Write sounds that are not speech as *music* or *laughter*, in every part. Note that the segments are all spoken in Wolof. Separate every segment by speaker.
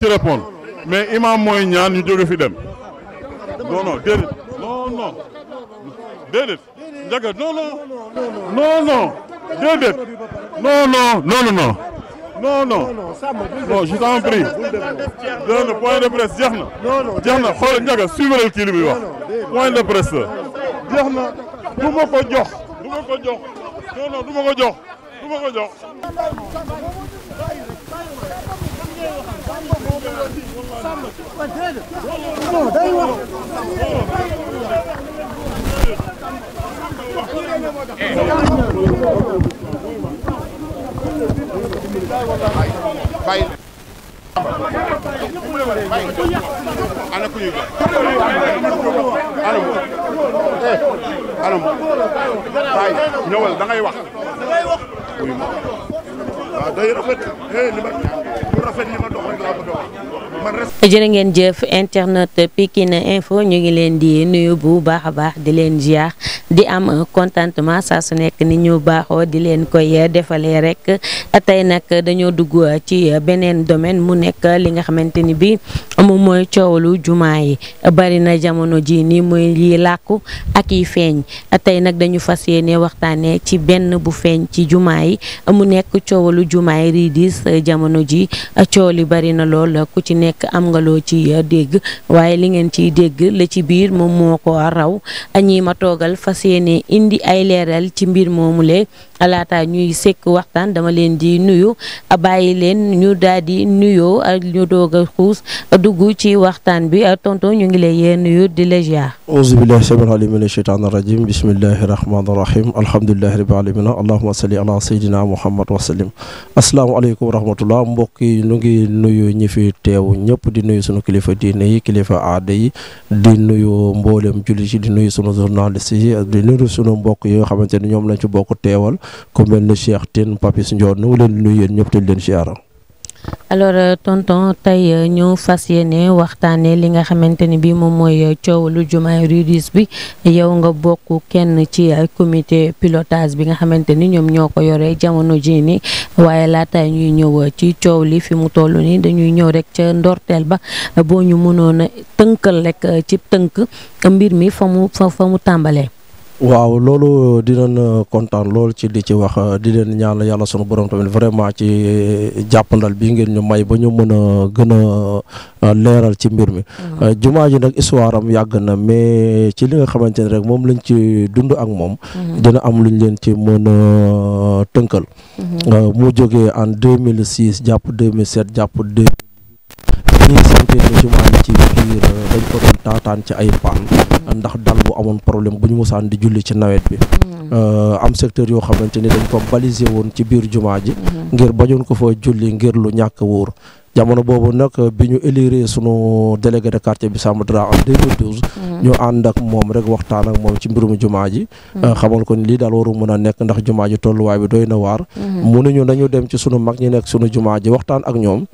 Speaker 1: Je répondre mais imam mooy nous ñu non
Speaker 2: non David. non non non non non non Non, non non non non
Speaker 1: non non
Speaker 3: non je t'en prie
Speaker 2: point de presse Non, Non,
Speaker 3: non. non. point de presse non non
Speaker 4: non day wax. bàyyi.
Speaker 2: ana ku ñuy jox. anam. eh anam. bàyyi ñëwal da ngay wax. waaw day rafet
Speaker 5: eh li ma.
Speaker 6: jërë ngeen jëf internet Pikine Info ñu ngi leen di nuyu bu baax baax di leen ziar di am contentement saa su nekk ni ñu baaxoo di leen koy defalee rek tey nag dañoo dugg ci beneen domaine mu nekk li nga xamante bi moom mooy coowlu jumaa yi bari na jamono ji ni muy yi làkku ak yi feeñ tey nag dañu fas yéene ci benn bu feeñ ci jumaa yi mu nekk yi jamono ji coow li bari na lool ku ci nekk am nga loo ci uh, dégg waaye li ngeen ciy dégg la ci biir moom moo ko raw ñi ma toogal fas yéene indi ay leeral ci mbir moomu le laata ñuy sekk waxtaan dama leen di nuyu bàyyi leen ñu daal di nuyoo ak ñu doog a dugg ci waxtaan bi tonton ñu ngi lay nuyu di la ziar.
Speaker 5: auzu billahi samil alim min asheytaan rajim bismillahi rahmaani rahim alhamdulilahi rabbil alamin allahuma salli ala sayyidina muhammad wa sallim asalaamaaleykum wa mbokk yi ñu ngi nuyu ñi fi teew ñëpp di nuyu sunu kilifa diine yi kilifa aada yi di nuyu mboolem jullit yi di nuyu sunu journaliste yi di nuyu sunu mbokk yi xamante ne ñoom lañ ci bokk teewal ku mel ni Cheikh Tine Papis Ndione nu leen ñëpp te leen siyaara
Speaker 6: alors euh, tonton tey euh, ñëw fas yéene waxtaanee li nga xamante ni bii moom mooy euh, coow lu jumaay rudis bi yow nga bokk kenn ci comité pilotage bi nga xamante ni ñoom ñoo ko yoree jamono ji ni waaye laata ñuy ñëw ci coow li fi mu toll nii dañuy ñëw rek ca ndorteel ba boo ñu mënoon a tënkal rek ci tënk mbir mi fa mu fa mu tàmbalee.
Speaker 5: waaw loolu dinañ euh, kontaan loolu ci di ci wax euh, di leen ñaan yàlla sunu borom tamit vraiment ci euh, jàppandal bi ngeen ñu may ba ñu mën a gën a leeral ci mbir mi. Mm-hmm. jumaa ji nag histoire am yàgg na mais ci li nga xamante ni rek moom lañ ci dund ak moom. Mm-hmm. dina am luñ leen ci mën a tënkal. Mm-hmm. mu jógee en 2006 jàpp 2007 jàpp 2008 ñuy sant jumaa ji ci. dañ ci ay paan ndax dal bu amoon problème bu ñu mosaan di julli ci nawet bi mm-hmm. euh, am secteur yoo xamante ni dañ ko balisé woon ci biir jumaa ji mm-hmm. ngir bañoon ko fa julli ngir lu ñàkk wóor jamono boobu nag bi ñu élire sunu délégué de quartier bi Samba Dra am mm-hmm. ñu ànd ak moom rek waxtaan ak moom ci mbirum jumaa ji. Euh, xamal ko ni lii daal waru mën a nekk ndax jumaa ji tolluwaay bi doy na waar. mënuñu nañu dem ci sunu mag ñi nekk sunu jumaa ji waxtaan ak ñoom.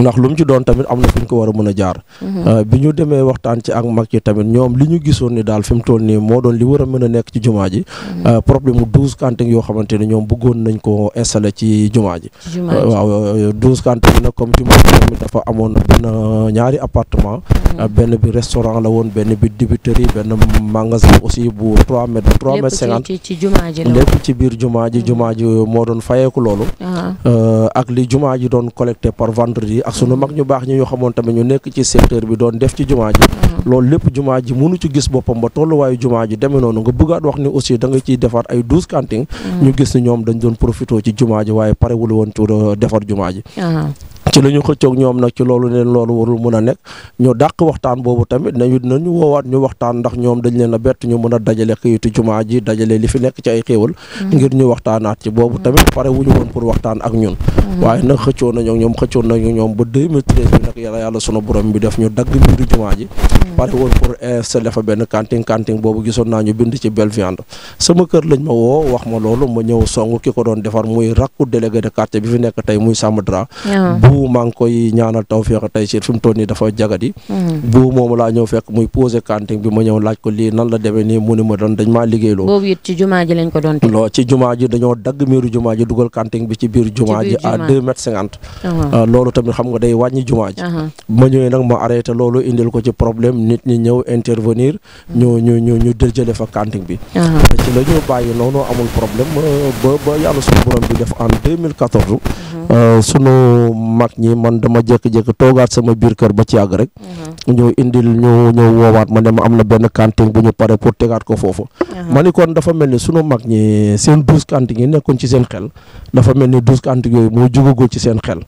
Speaker 5: ndax lu mu ci doon tamit am na fi ko war a mën a jaar. Mhm. Euh, bi ñu demee waxtaan ci ak mag yi tamit ñoom li ñu gisoon ni daal fi mu toll nii moo doon li war mën a nekk ci jumaa ji. Mhm. Euh, problème mu douze cantines yoo ne ñoom bëggoon nañ ko installé ci jumaa ji. Euh, waaw douze cantines nag comme ci moom dafa amoon benn ñaari appartement. Mhm. benn bi restaurant la woon benn bi dibiterie benn magasin aussi bu trois mètres. trois mètres cinquante
Speaker 6: lépp ci ci jumaa ji lépp
Speaker 5: biir jumaa ji jumaa ji moo doon fayeeku loolu. Uh-huh. ak li jumaa ji doon collecté par vendredi. ak sunu mag ñu baax ñi ñu xamoon tamit ñu nekk ci secteur bi doon def ci jumaa ji loolu lépp jumaa ji mënu ci gis boppam ba tolluwaayu jumaa ji demee noonu nga bëggaat wax ni aussi danga nga ciy defaat ay douze cantines mm. ñu gis ni ñoom dañ doon profité ci jumaa ji waaye parewul woon ci euh, defar jumaa ji ah. ci la ñu xëccoog ñoom nag ci loolu leen loolu warul mun a nekk ñu dàq waxtaan boobu tamit nañu nañu woowaat ñu waxtaan ndax ñoom dañ leen a bett ñu mën a dajale kayitu jumaa ji dajale li fi nekk ci ay xéewal mm. ngir ñu waxtaanaat ci boobu mm. tamit par wuñu woon pour waxtaan ak ñun waaye nag xëccoo nañu ñoom xëccoo nañu ñoom ba 2013 bi nag yàlla yàlla sunu borom bi def ñu dagg mbiru ji Mm. pare woon pour installé fa benn kanting kanting boobu gisoon naa ñu bind ci belle viande sama kër lañ ma woo wax ma loolu ma ñëw song ki ko doon defar muy rakku délégué de quartier bi fi nekk tey muy Samba Dra bu koy ñaanal taw feexa tey si fi mu nii dafa jagadi
Speaker 6: mm.
Speaker 4: bu
Speaker 5: moom laa ñëw fekk muy posé kanting bi ma ñëw laaj ko lii nan la demee nii mu ni ma dañ maa liggéey loolu ci jumaa ji dañoo dagg miiru jumaa ji dugal kanting bi ci biir uh-huh. euh, jumaa ji à uh-huh. problème nit ñi ñëw intervenir ñu ñu ñu ñu jële fa kanting bi ci la ñu bàyyi noonu amul problème euh, ba ba yàlla suñu euh, mag ñi man dama jékki-jékki toogaat sama biir kër ba ci àgg rek ñu indil ñu ñu woowaat ma ne ma am na benn kanting bu ñu pare pour tegaat ko foofu ma kon dafa mel ni sunu mag ñi seen douze kanting yi nekkoon ci seen xel dafa mel ni douze kanting yooyu moo jugagul ci seen xel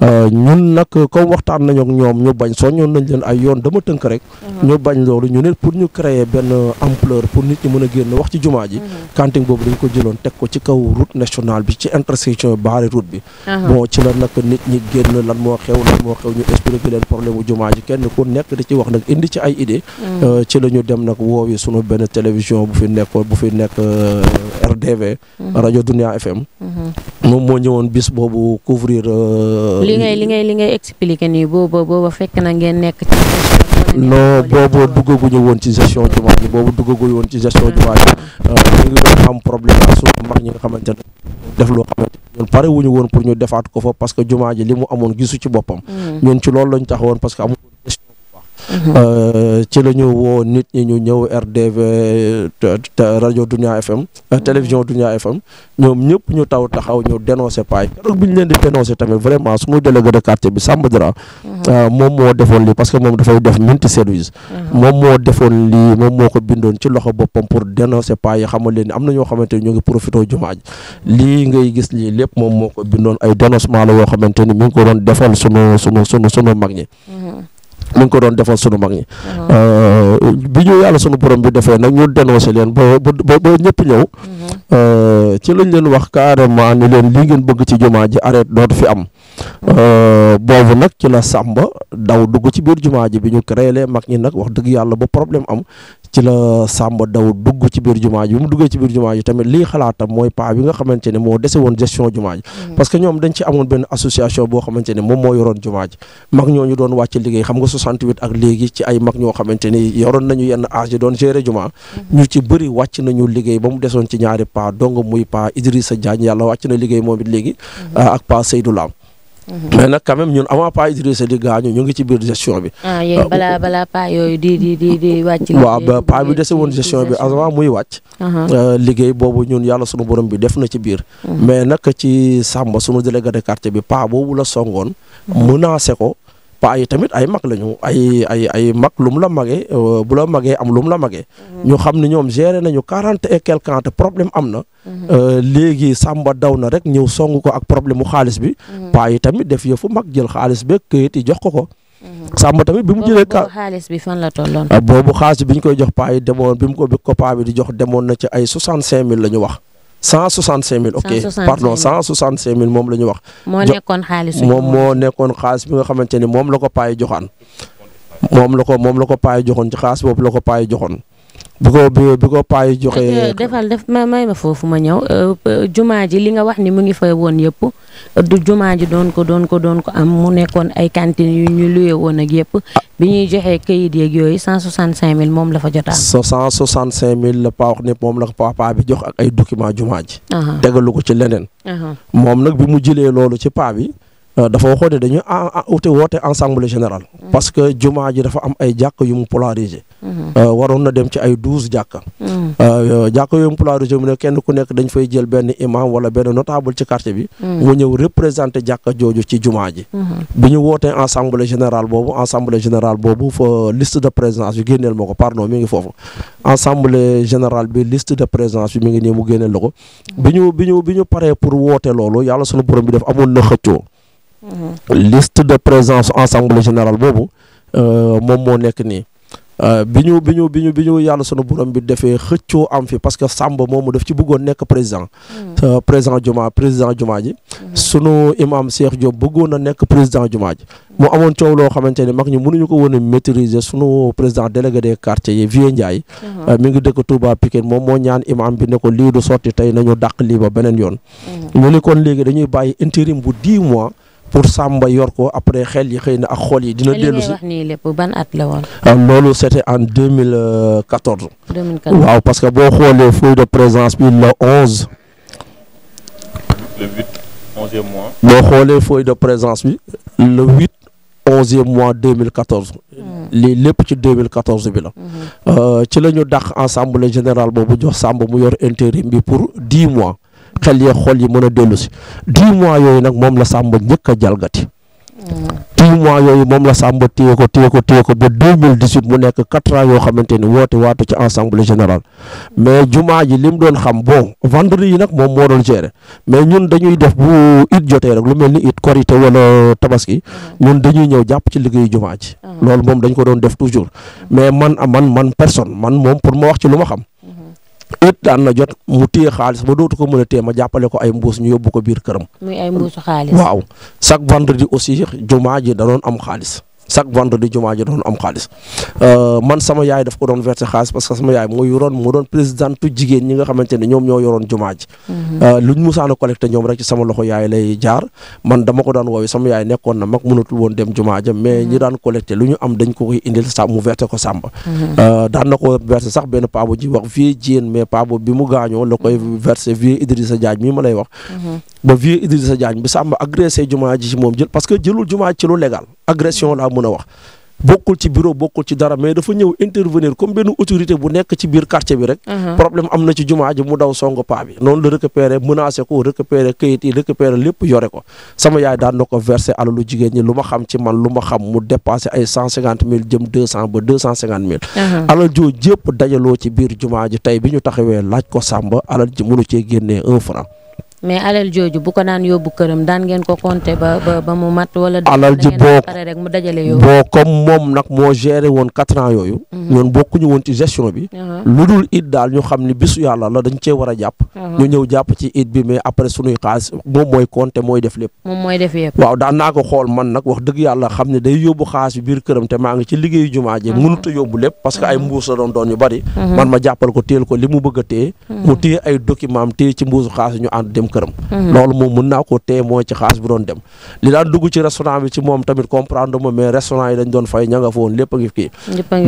Speaker 5: euh, ñun nag comme waxtaan nañu ak ñoom ñu bañ soññoon nañ leen ay yoon dama tënk rek ñu bañ loolu ñu ne pour ñu créer benn ampleur pour nit ñi mën a génn wax ci jumaa ji cantine mhm. boobu dañ ko jëloon teg ko ci kaw route nationale bi ci intersection baari route bi mhm. bon ci la nag nit ñi génn lan moo xew lan moo xew ñu expliquer leen problème jumaa ji kenn ku nekk di ci wax nag indi ci ay idée mhm. euh, ci la ñu dem nag woowi sunu benn télévision bu fi nekkoon bu fi nekk euh, RDV rajo Dunia FM moom moo ñëwoon bis boobu couvrir euh, li ngay
Speaker 6: li ngay li ngay expliquer nii boobu boobu fekk nekk
Speaker 5: Euh, boobu duggaguñu woon ci gestion jumaa ji boobu duggaguñu woon ci gestion jumaa ji euh, ñu xam doon am problème ak mag ñi nga xamante def loo xamante ñun pare wuñu woon pour ñu defaat ko fa parce que jumaa ji li mu amoon gisu ci boppam mm. ñun ci loolu lañ taxawoon parce que amul Euh, ci la ñu woo nit ñi ñu ñëw RDV rajo Dunia FM euh, télévision Dunia FM ñoom ñëpp ñu taw taxaw ñu dénoncé paay keroog bi ñu leen di dénoncé tamit vraiment suñu délégué de quartier bi Samba Dra mhm. euh, moom moo defoon lii parce que moom dafay def minti service mhm. moom moo defoon moo ko bindoon ci loxo boppam pour dénoncé paay yi xamal leen ni am na ñoo xamante ni ñu ngi profité jumaaj lii ngay gis lii lépp moom moo ko bindoon ay dénoncement la yoo xamante ni mi ngi ko doon defal sunu sunu sunu sunu mag ñi mhm. mu ko doon defal sunu mag ñi bi ñu yàlla sunu borom bi defé nak ñu dénoncé leen bo ñepp ñew ñëw mm. Euh, ci lañ leen wax carrément ni leen li ngeen bëgg ci jumaa ji arrêt dootu fi am euh, boobu nag ci la Samba daw dugg ci biir jumaa ji bi ñu créé lee mag ñi nag wax dëgg yàlla ba problème ci la Samba daw dugg ci biir jumaa ji bi mu duggee ci biir jumaa ji tamit lii xalaatam mooy paa bi nga xamante ne moo dese woon gestion jumaa ji mm. parce que ñoom dañ ci amoon benn association boo xamante ne moom moo yoroon jumaa ji mag ñooñu doon wàcc liggéey xam nga 68 ak léegi ci ay mag ñoo xamante ni yoroon nañu yenn âge yi doon gérer jumaa mm-hmm. ñu ci bëri wàcc nañu liggéey ba mu desoon ci ñaar ñaari pa dong muy pa Idrissa Diagne yàlla wàcc na liggéey moom it léegi mhm. ah, ak pa Seydou Lam
Speaker 6: mhm. mais
Speaker 5: nag quand même ñun avant pas Idrissa di gaañu ñu ngi ci biir gestion bi.
Speaker 6: ah yéen euh, balaa balaa pas yooyu waaw
Speaker 5: ba bi dese woon gestion bi avant muy wàcc. Euh, liggéey boobu ñun yàlla sunu borom bi def na ci biir. Mhm. mais nag ci Samba sunu délégué quartier bi pas boobu la songoon. menacé ko. paa yi tamit ay mag lañu ay mag lu mu la magee euh, bu la magee am lu mu la magee. Mhm. ñu xam ne ñoom géré nañu quarante et quelque ans te problème am na. Mhm. Euh, léegi Samba daw na rek ñëw song ko ak problème xaalis bi. Mhm. paa yi tamit def yëfu mag jël xaalis beeg këyit yi jox ko ko. Samba tamit bi mu jëlee ka
Speaker 6: xaalis bi fan la tolloon. Ah,
Speaker 5: boobu xaalis bi ñu koy jox paa yi demoon bi mu ko bi ko paa bi di jox demoon na ci ay soixante cinq mille la ñu wax. cent soixante cinq mille ok pardon cent soixante cinq mille moom la ñu wax
Speaker 6: moo nekkoon xaalis moom moo
Speaker 5: nekkoon xaalis bi nga xamante ni moom la ko paay joxaan moom la ko moom la ko paay joxoon ci xaalis boobu la ko paay joxoon bi ko bi ko paa joxee. Eh, eh,
Speaker 6: defal def ma may ma foofu ma ñëw eh, jumaa ji li nga wax ni mu ngi fay woon yëpp du jumaa ji doon ko doon ko doon ko am mu nekkoon ay cantines yu ñu luye woon ak yëpp bi ñuy joxee këyit yeeg yooyu 165000 moom la fa jotaat.
Speaker 5: 165000 la paa wax ne moom la ko paa bi jox ak ay document jumaa ji. tegalu ko ci leneen. moom nag bi mu jëlee loolu ci paa bi. dafa waxoon ne dañuy ah, ah, woote ensemble général. Mm. parce que jumaa ji dafa am ay jàkk yu mu polariser. Euh, waroon na dem ci ay douze jàkka hmm. euh, jàkka yooyu Poulard Rouge mu ne kenn ku nekk dañ fay jël benn imam wala benn notable ci quartier bi hmm. mu ñëw représenté jàkka jooju ci jumaa ji hmm. bi ñu wootee assemblée général boobu assemblée général boobu fa liste de présence bi génneel ma ko pardon mi ngi foofu assemblée générale bi liste de présence bi mi ngi nii mu génneel la ko bi ñu bi ñu paree pour woote loolu yàlla sunu borom bi def amoon na xëccoo liste de présence assemblée générale boobu euh, moom moo nekk nii Euh, bi ñu bi ñu bi ñu bi ñu yàlla sunu borom bi defee xëccoo am fi parce que Samba moomu daf ci bëggoon nekk président. Hmm. Euh, président juma président juma ji. Hmm. sunu imam Cheikh Diop bëggoon na nekk président juma ji. mu amoon coow loo xamante ne mag ñu mënuñu ko woon a maîtriser sunu président délégué des quartiers yi Vieux Ndiaye. Hmm. Euh, mi ngi dëkk Touba Pikine moom moo ñaan imam bi ne ko lii du sotti tey nañu dàq lii ba beneen yoon. ñu ni kon léegi dañuy bàyyi intérim bu 10 mois. pour Samba yorko après xel yi xeyna ak xol yi. dina dellu si li ah, c'était en 2014. 2014 waaw parce que bo xolé feuille de présence bi le 11.
Speaker 1: le 8 11e mois. Le xolé
Speaker 5: feuille de présence hmm. bi le 8 11e mois 2014. li lepp ci 2014 bi la. Hmm. Euh, ci lañu dakh ensemble ensemble général Bobu jox Samba mu yor intérim bi pour 10 mois. xel yee xol yi mën a dellu si mois yooyu nag moom la Samba njëkk a jalgati dix mois yooyu moom la Samba téye ko téye ko téye ko ba deux mille dix huit mu nekk quatre ans yoo xamante ni woote waatu ci assemblée général mais jumaa ji li mu doon xam bon vendredi yi nag moom moo doon gérer mais ñun dañuy def bu it jotee rek lu mel ni it korite wala tabaski ñun dañuy ñëw jàpp ci liggéeyu jumaa ji ah. loolu moom dañ ko doon def toujours mais man man man personne man moom pour ma wax ci lu ma xam it daan na jot mu téye xaalis ba dootu ko mën a téye ma jàppale ko ay mbuus ñu yóbbu ko biir këram.
Speaker 6: muy ay mbuusu xaalis. waaw
Speaker 5: chaque vendredi aussi jumaa ji da doon am xaalis. chaque vendredi jumaa ji doon am xaalis euh, man sama yaay daf ko doon verser xaalis parce que sama yaay moo yoroon moo doon présidente jigéen ñi nga xamante ne ñoom ñoo yoroon jumaa ji mhm. euh, luñ musaan a daan woowee mhm. lu ñu am dañ ko koy indil sa mhm. euh, daan na ko verser sax benn paabo ji wax vieux Diène mais paabo bi mu gaañoo la koy verser vieux Idrissa Diagne mii ma lay wax ba vieux Idrissa Diagne moom parce que jëlul jumaa ci légal agression laa mën a wax bokkul ci bureau bokkul ci dara mais dafa ñëw intervenir comme benn autorité bu nekk ci biir quartier bi rek. Uh-huh. problème am na ci jumaa ji mu daw song paa bi. noonu la récupéré menacé ko récupéré kayit yi récupéré lépp yore ko sama yaay daan na ko versé alalu jigéen ñi lu ma xam ci man lu ma xam mu dépassé ay cent cinquante mille jëm deux cent ba deux cent cinquante mille. Uh-huh. alal joo jépp dajaloo ci biir jumaa ji tey bi ñu taxawee laaj ko Samba alal ji mënu cee génnee un franc.
Speaker 6: mais alal jooju bu ko daan yóbbu këram daan ngeen ko compter ba ba mu mat. alal ji boo pare boo
Speaker 5: comme moom nag moo géré woon quatre ans yooyu. Mhm. ñoon bokkuñu woon ci gestion bi. Uh-huh. lu dul it daal ñu xam ni bisu yàlla la dañ cee war a jàpp. Uh-huh. ñu ñëw jàpp ci it bi mais après suñuy xaalis moom mooy compter mooy def lépp.
Speaker 6: moom mooy def yëpp.
Speaker 5: waaw daan naa ko xool man nag wax dëgg yàlla xam ne day yóbbu xaalis bi biir këram te maa ngi ci liggéeyu jumaa ji uh-huh. mënut a yóbbu lépp parce que ay mbuus la doon doon li mu ci mbuusu xaalis ñu këram. Mhm. loolu moom mën naa ko témoin ci xaalis bi doon dem li daan dugg ci restaurant bi ci moom tamit comprendre ma mais restaurant yi dañ doon fay ña nga fa woon lépp a ngi kii.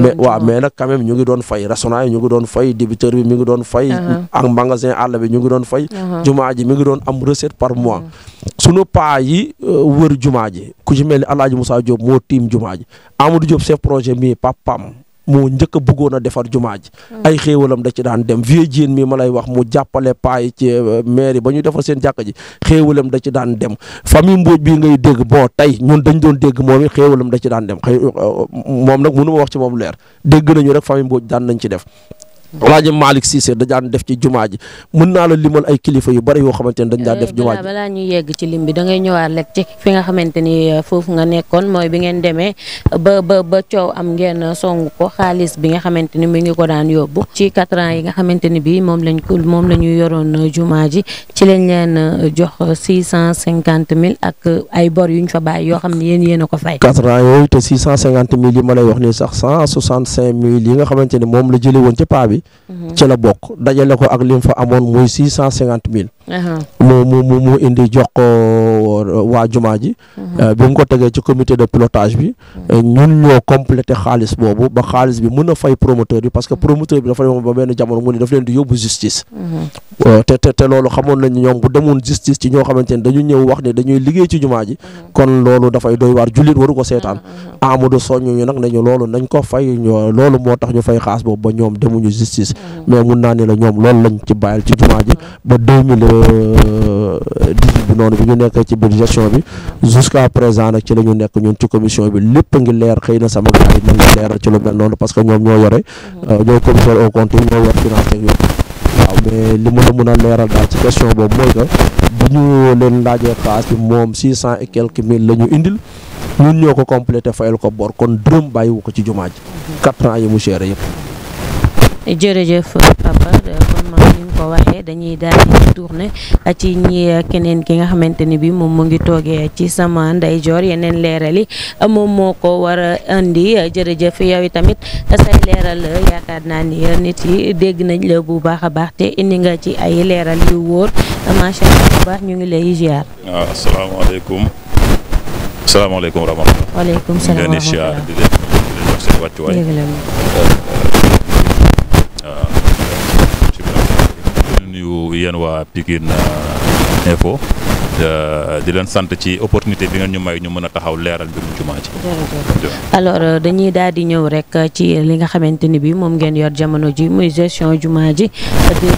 Speaker 5: mais waaw mais nag quand même doon fay restaurant yi ñu ngi doon fay débiteur bi mi ngi doon fay. Uh-huh. ak magasin àll bi ñu ngi doon fay. Uh-huh. jumaa ji mi ngi doon am recette par mois. Uh-huh. sunu paa yi uh, wër jumaa ji ku ci mel ni El Hadj Moussa Diop moo tiim jumaa ji Amadou Diop chef projet mii papam mu njëkk a a defar jumaa ji hmm. ay xéewalam da ci daan dem vieux Diène mi ma lay wax mu jàppale paay ci euh, mairie ba ñu defar seen jàkka ji xéewalam da ci daan dem famille Mbodj bi ngay dégg boo tey ñun dañ doon dégg moom it xéewalam da ci daan dem xëy euh, euh, moom nag mënu ma wax ci moom leer dégg nañu rek famille Mbodj daan nañ ci def alaaji Malick Cissé da daan def ci jumaa ji mën naa la limal ay kilifa yu bari yoo xamante ne dañ daan def jumaa ji
Speaker 6: euh, yegg ci lim bi da fi nga xamante ni euh, foofu nga nekkoon mooy bi ngeen demee ba ba ba coow am ngeen song ko xaalis bi nga xamante ni mu ngi ko daan yóbbu ci quatre yi nga xamante ni bi moom lañ ko moom la ñu yoroon euh, juma ji ci lañ leen jox six cent cinquante mille ak ay bor yuñ fa bàyyi yoo xam ne yéen yéen ko fay
Speaker 5: quatre ans yooyu te yi wax nii sax nga xamante ni moom la jële woon ci paa bi bi. ci la bokk dajale ko ak lim fa amoon muy six cent cinquante mille. Uh-huh. moo moo moo indi jox ko uh, waa jumaa ji uh-huh. uh, bi mu ko tegee ci comité de pilotage bi uh-huh. uh, ñun ñoo complété xaalis boobu ba xaalis bi mun a fay promoteur bi parce que promoteur bi dafa demoon ba benn jamono mu ne daf leen di yóbbu justice te te loolu xamoon nañ ñoom bu demoon justice ci ñoo xamante ne dañu ñëw wax ne dañuy liggéey ci jumaa ji kon loolu dafay doy waar jullit waru ko seetaan Amadou soññu ñu nag nañu loolu nañ ko fay loolu moo tax ñu fay xaalis boobu ba ñoom demuñu justice mais mun naa ne la ñoom loolu lañ ci ba 2000 dix-huit bi noonu bi ñu nekk ci biir gestion bi jusqu'à présent nag ci la ñu nekk ñun ci commission bi lépp ngi leer xëy na sama gars yi leeral ci lu mel noonu parce que ñoom ñoo yore mm-hmm. euh, ñooy commissaire au compte ñoo yor finance ak yooyu a ci question boobu mooy que bu ñu leen moom six cent et quelques mille la ñu indil ñun ñoo ko complété fayal ko bor kon dërëm bàyyiwu ko ci jumaa ji mm-hmm. quatre ans yi mu géré
Speaker 6: ni nga ko waxee dañuy daal di tourner ci ñi keneen ki nga xamante ni bi moom mu ngi toogee ci sama ndeyjoor yeneen leeral yi moom moo ko war a indi jërëjëf yow yi tamit say leeral yaakaar naa nit yi dégg nañ la bu baax a baax te indi nga ci ay leeral yu wóor macha allah bu baax ñu ngi lay ziar.
Speaker 1: waaw ah, asalaamaaleykum. asalaamaaleykum wa rahmatulah. waaleykum salaam nuyu yéen waa Pikine euh, info euh, di leen sant ci opportunité bi ngeen ñu may ñu mën a taxaw leeral mbirum jumaa
Speaker 6: ji alors euh, dañuy daal di ñëw rek ci li nga xamante ni bi moom ngeen yor jamono ji muy gestion juma ji de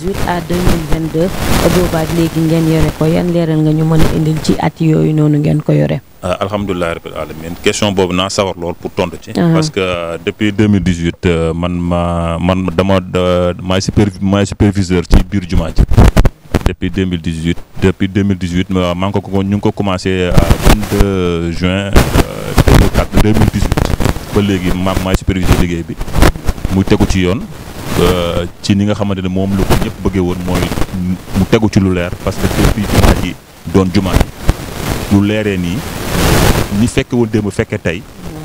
Speaker 6: 2018 à 2022 boobaa léegi ngeen yore ko yan leeral nga ñu mën indil ci at yooyu noonu ngeen ko yore
Speaker 1: Euh, Alhamdulillah, rabbil alamin question bobu na sawar lol pour tontu ci. Uh-huh. parce que euh, depuis 2018 euh, man ma man dama ma super ma superviseur ci biir juma ci depuis 2018 depuis 2018 man ko ko ñu ko commencé à 22 juin 2004 2018 ba légui ma superviseur liggéey bi mu tegu ci yoon. ci ni nga xamantene mom lu ko ñëpp bëggee woon mu tegu ci lu leer parce que depuis jumaa ji doon jumaa ji. lu leeree nii ñi fekke woon démb fekkee tey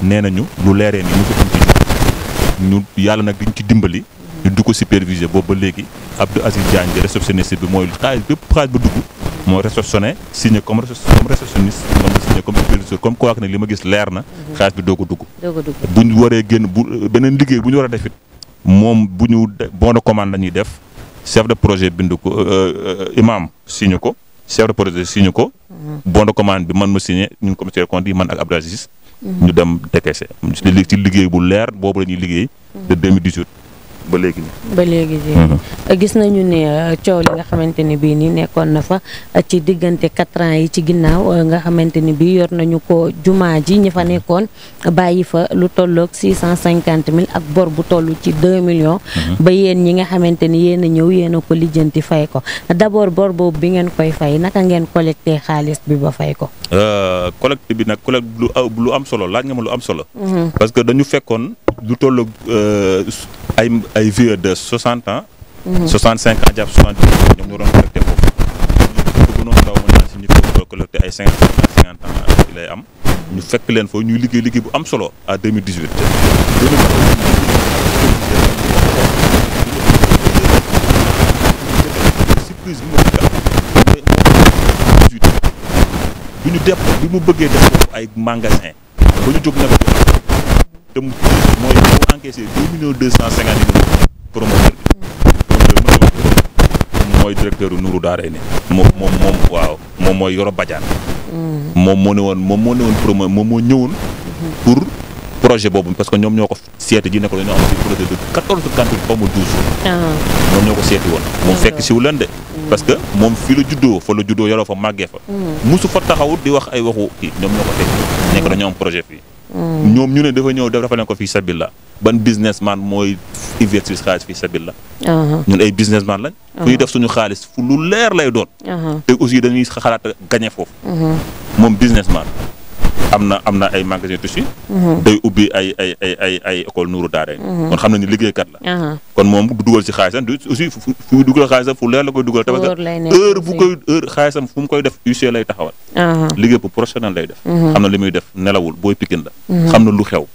Speaker 1: nee ñu lu leeree nii ñu ko ñu yàlla nag diñ ci dimbali ñu du ko superviser boobu ba léegi Abdou Aziz Diagne di réceptionniste bi mooy xaalis bépp xaalis bu dugg moo réceptionné signé comme comme réceptionniste man ma comme superviseur comme quoi ne li ma gis na bi doo ko dugg buñ waree génn bu beneen liggéey bu ñu war a def moom bu ñu bon de commande la def chef de projet bind ko euh, euh, imam signé ko chef de projet ko. bon de bi man ma signé ñun commissaire compte yi man ak Abdou Aziz mhm. ñu dem décaissé. ci liggéey bu leer boobu la ñuy liggéey. de 2018 mhm. ba léegi nii. ba léegi mhm.
Speaker 6: euh, gis nañu ne euh, coow li nga xamante ni bii nii nekkoon na fa euh, ci diggante quatre ans yi ci ginnaaw nga xamante ni bii yor nañu ko jumaa ji ñu fa nekkoon bàyyi fa lu tolloog six cent cinquante mille ak bor bu toll ci deux million mhm. ba yéen ñi nga xamante ni yéen a ñëw yéen a ko lijjanti fay ko d'abord bor boobu bi ngeen koy fay naka ngeen collecté xaalis bi ba fay ko.
Speaker 1: collecte bi nag collecte lu am solo laaj nga ma lu am solo. Mhm. parce que dañu fekkoon lu tolloog. ay ay vieux de 60 ans. 65 mhm. ans jàpp 70 ans ñoom ñoo doon collecté foofu ñu non ndaw mën ci si ñu ko collecté ay 50 ans 50 ans yi lay am ñu fekk leen fo ñuy liggéey liggéey bu am solo à 2018. surprise bu ma ñu dépp bi mu bëggee def ay magasin bu ñu jóg nag projet bobu parce que ñom ñoko sété ji ne ko dañoo am ci projet de 14 cantines xaw ma 12 hmm ñom ñoko sété won mo ah. fekk siwu leen de mm. parce que mom fi lu juddo fa lu juddo yoro fa magge fa mm. musu fa taxawu di wax ay waxu ñom ñoko ñoo mm. nek dañu am projet fi ñoom ñu ne dafa ñëw def dafa leen ko fii sabilla ban man mooy investir xaalis fii sabilla uh-huh. ñun ay businessman lañ. Uh-huh. fu ñuy def suñu xaalis fu lu leer lay doon. Uh-huh. te aussi dañuy xalaat gañe foofu. moom businessman. am na am na ay magasin tissu mhm. day ubbi ay ay ay ay ay école nuuru daare mhm. kon xam na ni liggéeykat la uh-huh. kon moom du dugal si xaalisam du aussi fu muy dugal xaalisam fu leer la koy dugal tamit heure bu koy heure xaalisam fu mu koy def UC lay taxawal uh-huh. liggéey bu professionnel lay def mhm. xam na li muy def nelawul booy pikin la xam na lu xew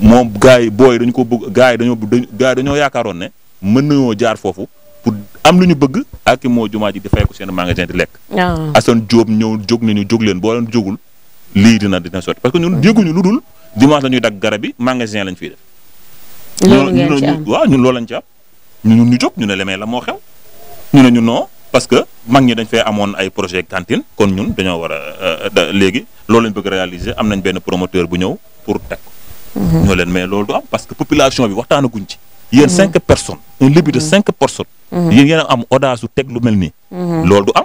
Speaker 1: moom gars yi booy dañu ko bëgg gars yi dañoo gars yi dañoo yaakaaroon ne mën na nañoo jaar foofu pour am lu ñu bëgg ak moo jumaa ji di fay ko seen magasin di lekk ah. Assane Diop ñëw jóg nañu jóg leen boo leen jógul lii dina dina sotti parce que ñun dégguñu lu dul dimanche la dagg garab yi magasin lañ fiy def.
Speaker 4: loolu ngeen ci am
Speaker 1: waaw ñun loolu lañ ci am ñu jóg ñu ne lemee la moo xew ñu ne ñu non parce que mag ñi dañ fee amoon ay projet cantine kon ñun dañoo war a euh, léegi loolu lañ bëgg réaliser am nañ benn promoteur bu ñëw pour teg mhm. ñoo leen mais loolu du parce que population bi waxtaanaguñ ci. yéen mhm. cinq personnes. un début mhm. cinq personnes. yéen yéen a am audace su teg lu mel nii. lool du am.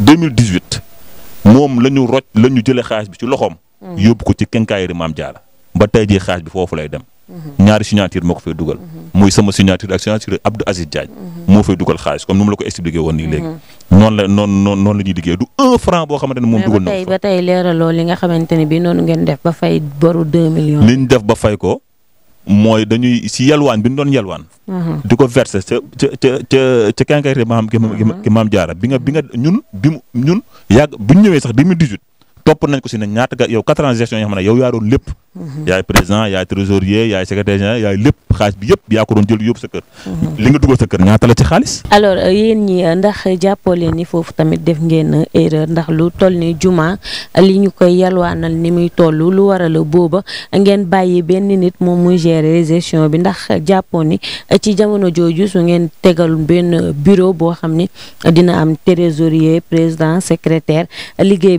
Speaker 1: 2018 moom la ñu roj la ñu jëlee xaalis bi ci loxoom. Mm. yóbbu ko ci kenkaayari maam Diarra ba tey jii xaalis bi foofu lay dem. Mm-hmm. ñaari signature moo ko fay dugal. mooy mm-hmm. sama signature ak signature Abdou Aziz Diagne. Mm-hmm. moo fay dugal xaalis comme ni mu la ko expliqué woon nii léegi. noonu la noonu noonu noonu la ñuy liggéey du xamante ne moom. dugal na ko mais
Speaker 6: ba tey ba xamante ne bii noonu ngeen def ba fay boru 2 millions. li
Speaker 1: def ba fay ko. mooy dañuy si yalwaan bi ñu doon yalwaan. Mhm. di ko verser ca ca ca ca ca kànkayte maam ki mhm. maam jaara bi nga bi nga ñun bi mu ñun yàgg bu ñu ñëwee sax 2018. topp nañ ko si ne ñaata ga yow quatre ans gestion yoo xam ne yow yaa doon lépp. Mhm. yaay président yaay trésorier yaay secrétaire yaay lépp xaalis bi yëpp yaa ko doon jël yóbbu sa kër. Mhm. li nga dugal sa kër ñaata la ci xaalis.
Speaker 6: alors euh, yéen ñi euh, ndax jàppoo leen ni foofu tamit def ngeen euh, erreur ndax lu toll ni juma li ñu koy yalwaanal ni muy toll lu waral booba ngeen bàyyi benn nit moom muy gérer gestion bi ndax jàppoo ni ci jamono jooju su ngeen tegal benn bureau boo xam ni dina am trésorier président secrétaire liggéey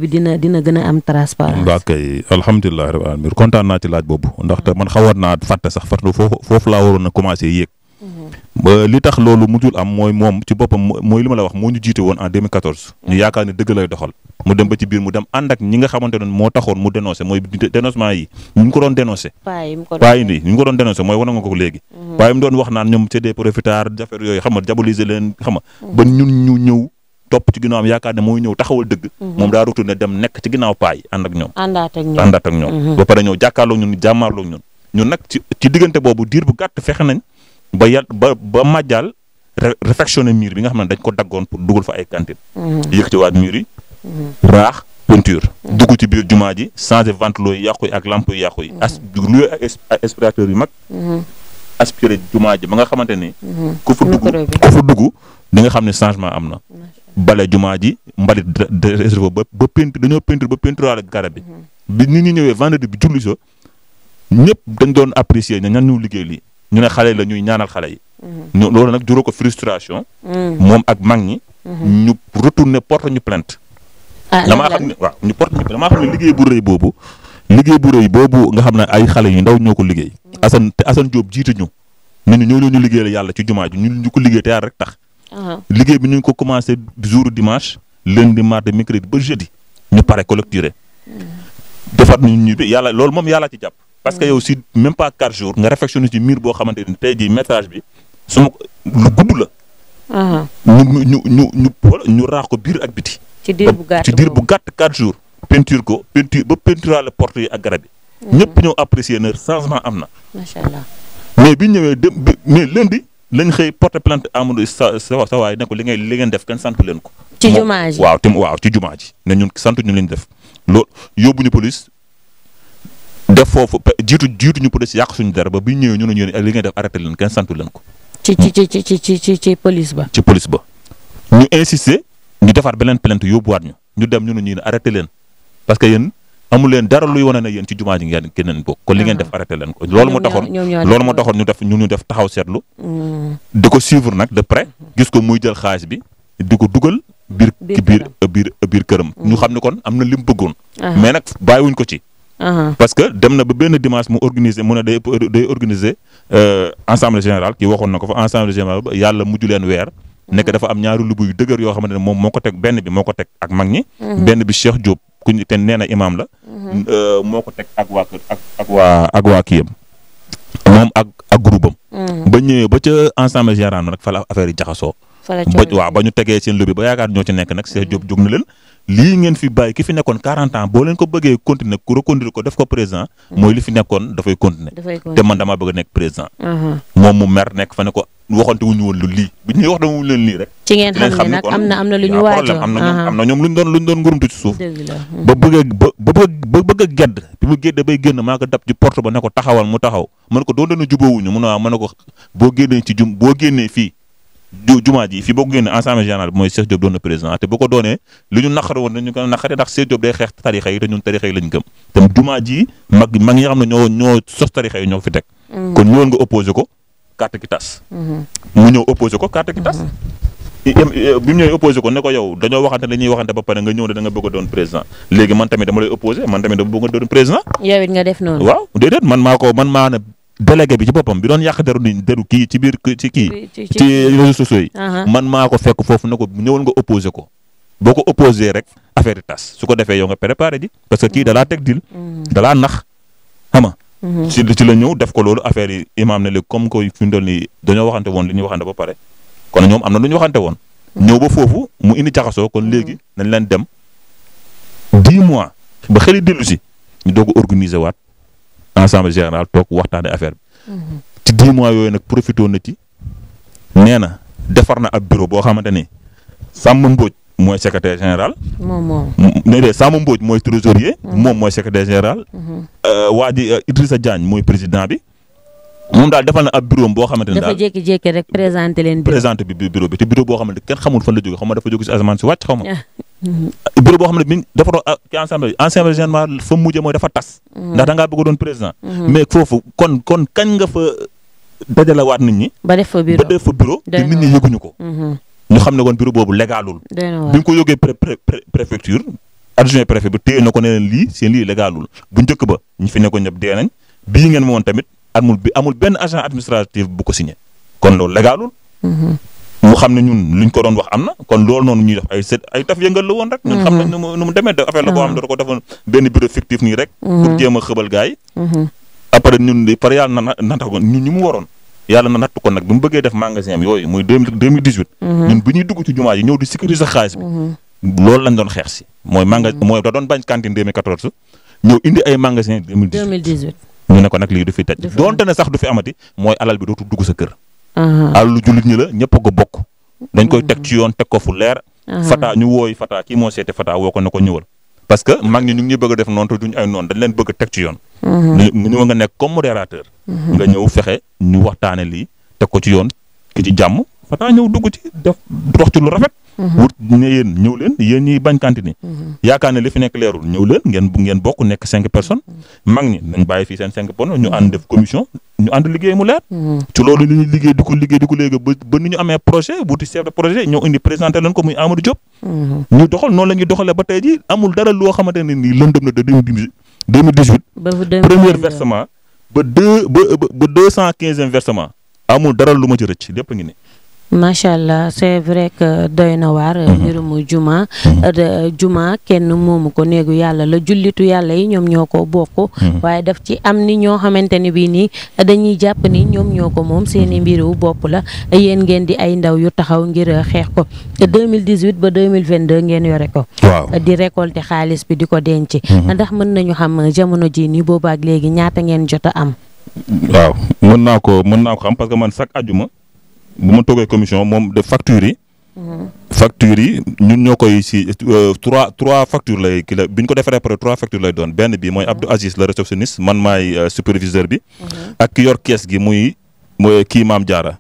Speaker 6: gën a am transparence.
Speaker 1: waaw kay alhamdulilah rabbil alamin kontaan laaj boobu ndaxte man xawoon naa sax fàtte foofu foofu waroon a commencé yéeg. Mhm. li tax loolu mujjul am mooy moom ci boppam mooy li la wax moo ñu jiite woon en 2014. ñu yaakaar ne dëgg lay mu dem ba biir mu dem ànd ak ñi nga moo taxoon mu dénoncé mooy dénoncement yi ñu ko doon dénoncé. mooy wane nga ko léegi. Mhm. paa wax naan ñoom c'est des topp ci ginnaawam yaakaar ne mooy ñëw taxawal dëgg mhm. moom daa retourné dem nekk ci ginnaaw paay ànd ak ñoom
Speaker 6: àndaat ak ñoom mhm. ba
Speaker 1: pare ñëw jàkkaarloog ñun jàmmaarloog ñun ñun nag ci ci diggante boobu diir bu gàtt fexe nañ ba yàl ba ba màjjaal réfectionné mur bi nga xam ne dañ ko daggoon pour dugal fa ay cantine mhm. yëkkatiwaat mur yi raax peinture dugg ci biir jumaa ji changé ventilo yi yàqu yi ak lampe yi yàqu yi as luy ak aspirateur yu mag aspiré jumaa ji ba nga xamante ni ku fa dugg ku fa dugg nga xam ne changement am na bale jumaa ji mbalit réserve ba ba peinture dañoo peinture ba peinturaale garab bi. Mhm. bi nit ñi ñëwee vendredi bi julli sa ñëpp dañ doon apprécier ña ñan ñu liggéey lii ñu ne xale la ñuy ñaanal xale yi. Mhm. ñu loolu nag juróo ko frustration. Mhm. moom ak mag ñi. ñu retourné porte ñu plainte.
Speaker 4: ah damaa xam ne
Speaker 1: waaw ñu porte ñu damaa xam ne liggéey bu rëy boobu. liggéey bu rëy boobu nga xam ne ay xale yu ndaw ñoo ko liggéey. Assane te Assane Diop jiitu ñu. ñu ñoo leen ñu liggéeyal yàlla ci jumaa ji ñu ñu ko liggéey te yàlla rek tax Uh-huh. ligue bi ñu ko commencé jour dimanche lundi mardi mercredi ba jeudi ñu pare collecturé. Mm. defaat ñu ñu bi yàlla loolu moom yàlla ci japp parce que mm. yow si même pas 4 jours nga réflexionné ci mur bo xamanteni tay tey jii message bi su ma lu gudd la. Uh-huh. ñu ñu ñu ñu ñu raax ko biir ak biti.
Speaker 6: ci diir bu gatt ci diir bu
Speaker 1: gatt 4 jours. peinture ko peinture ba peinturaale porte yi ak garab yi. Mm. ñëpp ñëw apprécier na changement amna na. allah mais bi ñewé mais lundi lañ xëy porte plainte Amadou sa sa waay ne ko li ngay li ngeen def kenn sant leen ko.
Speaker 6: ci jumaa ji waaw
Speaker 1: te waaw ci jumaa ji ne ñun sant ñu leen def loolu yóbbu ñu police def foofu jiitu jiitu ñu police yàq suñu dara ba bi ñëwee ñu ne ñu li ngay def arrêté leen kenn sant leen ko.
Speaker 6: ci ci ci ci ci ci ci police ba.
Speaker 1: ci ba ñu insister ñu defaat beneen plainte yóbbuwaat ñu ñu dem ñu ne ñu arrêté leen parce que yéen amu leen dara luy wane na yéen ci jumaa ji ngeen keneen bokk kon li ngeen ah. def arrêté leen ko loolu moo taxoon loolu moo taxoon ñu def ñu taxaw seetlu mm. di ko suivre nag de près gis ko muy jël xaalis bi di ko dugal biir biir biir biir këram mm. ñu xam ne kon am na li mu bëggoon ah. mais nag wuñ ko ci ah. parce que dem na ba benn dimanche mu organiser mu ne day day organiser euh, assemblée générale kii waxoon na ko fa assemblée générale yàlla mujj leen weer nekk dafa am ñaari lubu yu dëgër yoo xamante ne moom moo ko teg benn bi moo ko teg ak mag ñi. Mhm. benn bi Cheikh jóob ku ñu te nee na imaam la. Mhm. Euh, moo ko teg ak waa kër ak ak waa ak waa kiyam moom ak ak groupe am. Mhm. ba ñëwee ba ca ensemble gérant nag fa la affaire yi jaxasoo. ba waaw ba ñu tegee seen lubu ba yaakaar ñoo ci nekk nag Cheikh Diop jóg na leen. lii ngeen fi bàyyi ki fi nekkoon 40 ans boo leen ko bëggee continuer ku reconduire ko def ko président. mooy li fi nekkoon dafay continuer. te man dama bëgg a nekk président. Uh-huh. moom mu mer nekk fa ne ko waxante wuñu woon lu lii bi ñuy wax dama wuñu leen lii rek. ci ngeen xam ne nag am na
Speaker 6: am na lu ñu waajoo am na uh-huh.
Speaker 1: am na ñoom luñ doon luñ doon ngurumtu ci suuf. ba bëgg ba ba bëgg a gedd bi mu gédd bay génn maa ko dab ci porte ba ne ko taxawal mu taxaw man ko doon dana jubóowuñu mun naa mën na ko boo génnee ci jum boo génnee fii jumaa ji fii boo ko génne assemblée générale mooy Cheikh Diop doon président te boo ko doonee li ñu naqare woon dañu ko ndax Cheikh Diop day xeex tarixa yi te ñun tarixa lañ gëm te jumaa ji ko fi teg dañoo waxante dañuy waxante ba pare nga ñëw ne da nga a doon président léegi man tamit dama lay opposé man tamit dama bëgg a doon président
Speaker 6: yow it nga def noonu waaw
Speaker 1: déedéet man maa man maa délégué bi ci boppam bi doon yàq deru ni deru kii ci biir ci kii. ci réseaux sociaux yi. Uh-huh. man maa ko fekk foofu na ko ñëwal nga opposé ko. boo ko opposé rek affaire yi tas su ko defee yow nga préparé ji parce que kii dalaa laa teg dil mm-hmm. da nax xam nga ci mm-hmm. ci la ñëw def ko loolu affaire yi imaam ne léegi comme que fi mu toll nii dañoo waxante woon li ñuy waxante ba pare kon ñoom am na lu ñu waxante woon. Mm-hmm. ñëw ba foofu mu indi jaxasoo kon léegi nañ leen dem dix mois ba xëy na dellu si ñu doog a waat. ensemble général toog waxtaane affaire bi. Mhm. ci yooyu nag profité na ci nee na defar na ab bureau boo xamante ni Samba Mbodj mooy secrétaire général. moom moom nee de Samba mooy trésorier. Mhm. moom mooy secrétaire général. Mhm. Euh, waa ji euh, Idrissa Diagne mooy président bi. moom daal defal ab bureau am boo xamante ne daal dafa
Speaker 6: jékki-jékki rek présenté leen.
Speaker 1: présenté bi bureau bi te bureau boo xamante kenn xamul fan la jógee xaw ma dafa si asamaan si wàcc xaw Mm-hmm. bureau boo xam ne mi dafa doon ah, ci ensemble ensemble général fa mujjee mooy dafa tas. Mm-hmm. ndax da ngaa bëgg doon président. Mm-hmm. mais foofu kon kon kañ nga fa dajale waat nit ñi.
Speaker 6: ba def fa bureau ba def fa
Speaker 1: bureau te nit ñi yëguñu ko. ñu xam ne kon bureau boobu légalul. bi ñu ko yogee pré préfecture adjoint préfet bi téye na ko ne leen lii seen lii légalul bu njëkk ba ñu fi nekkoon ñëpp dee nañ bii ngeen moomoon tamit amul bi amul benn agent administratif bu ko signé kon loolu légalul. mu xam ne ñun luñ ko doon wax am na kon loolu noonu ñuy def ay set ay taf yëngal la woon rek. ñun xam nañ nu mu nu mu demee la boo xam ne ko defoon benn bureau fictif nii rek. Mhm. pour jéem xëbal gars yi. Mhm. ñun di yàlla na na mu waroon. yàlla na ko nag bi mu bëggee def magasin am yooyu muy deux mille dix huit. Mhm. ñun bi ñuy dugg ci jumaa yi ñëw di sécuriser xaalis bi. loolu lañ doon xeex si. mooy magasin mooy da doon bañ cantine 2014 ñëw indi ay magasin
Speaker 6: 2018
Speaker 1: ñu ne ko lii du fi tëj sax du fi mooy alal bi dootul dugg sa
Speaker 6: alalu
Speaker 1: jullit ñi la ñëpp ko bokk. dañ koy teg ci yoon teg ko fu leer. Fata ñu wooy Fata kii moo seete Fata woo ko ne ko ñëwal. parce que mag ñi ñu ngi bëgg a def noonu te duñ ay noonu dañ leen bëgg teg ci yoon. ñu ñëw nga nekk comme modérateur. nga ñëw fexe ñu waxtaane lii teg ko ci yoon ki ci jàmm Fata ñëw dugg ci def dox ci lu rafet. wut ne yéen ñëw leen yéen ñiy bañ cantine mhm. yaakaar ne li fi nekk leerul ñëw leen ngeen ngeen bokk nekk cinq personnes mhm. mag ñi nañ bàyyi fii seen cinq personnes ñu ànd def commission ñu ànd liggéey mu leer mhm. ci loolu li ñuy liggéey di ko liggéey di ko léegi ba ba ni ñu amee projet wuti chef de projet ñoo indi présenté leen ko muy Amadou Diop ñu doxal noonu la ñuy ba tey ji amul dara loo xamante ne nii lëndëm na de deux mille dix-huit premier versement cent quinzième versement amul dara lu ma ci rëcc lépp ngi ne
Speaker 6: macha allah c' est vrai que doy na waar. Mhm. mbirum juma. Mhm. juma kenn moomu ko néegu yàlla la jullitu yàlla yi ñoom ñoo ko bokk. Mhm. waaye def ci am ni ñoo xamante ni bii nii dañuy jàpp ni ñoom ñoo ko moom seen i mbiru bopp la yéen ngeen di ay ndaw yu taxaw ngir euh, xeex ko mille 2018 ba deux mille 2022 ngeen yore ko. waaw di récolter xaalis bi di ko denc. ndax mën nañu xam euh, jamono ji nii boobaak léegi ñaata ngeen jot a am.
Speaker 4: waaw
Speaker 1: mën naa ko mën naa ko xam parce bu ma toogee commission moom de facture yi. factures yi ñun ñoo koy si euh, trois trois factures lay ki la bi ñu ko defaree pare trois factures lay doon benn bi mooy Abdou mm-hmm. Aziz la réceptionniste man maay euh, superviseur bi. Mm-hmm. ak ki yor kees gi muy kii maam jaara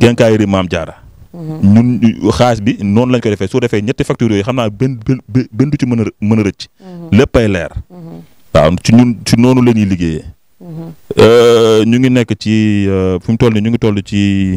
Speaker 1: kenkaayiri maam jaara ñun euh, xaalis bi noonu lañ ko defee soo defee ñetti factures yooyu xam naa benn benn du ci mën mën a rëcc. Mm-hmm. léppay leer. waaw ci ñun ci noonu la ñuy liggéeyee. ñu ngi nekk ci fu mu toll nii ñu ngi toll ci.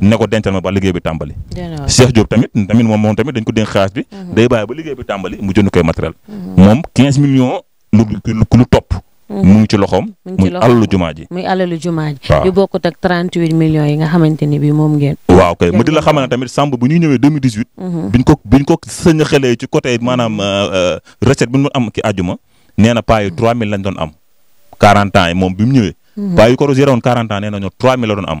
Speaker 1: ne ko dencal ma ba liggéey bi tàmbali. Cheikh Diop tamit tamit moom moom tamit dañ ko dénk xaalis bi. Mhm. day bàyyi ba liggéey bi tàmbali mu jënd koy matériel. Mhm. moom topp. Mhm. ci loxoom. mu ngi ci loxoom muy alalu jumaa ji.
Speaker 6: muy yi nga xamante ni moom ngeen.
Speaker 1: waaw kay ma bu ñuy ñëwee 2018. biñ ko biñ ko sëñ maanaam euh, euh, recette bi ki àjjuma nee na paa yi 3000 lañ doon am 40 ans yi moom bi mu ñëwee. paa ko doon yore woon 40 ans nee na ñoo la doon am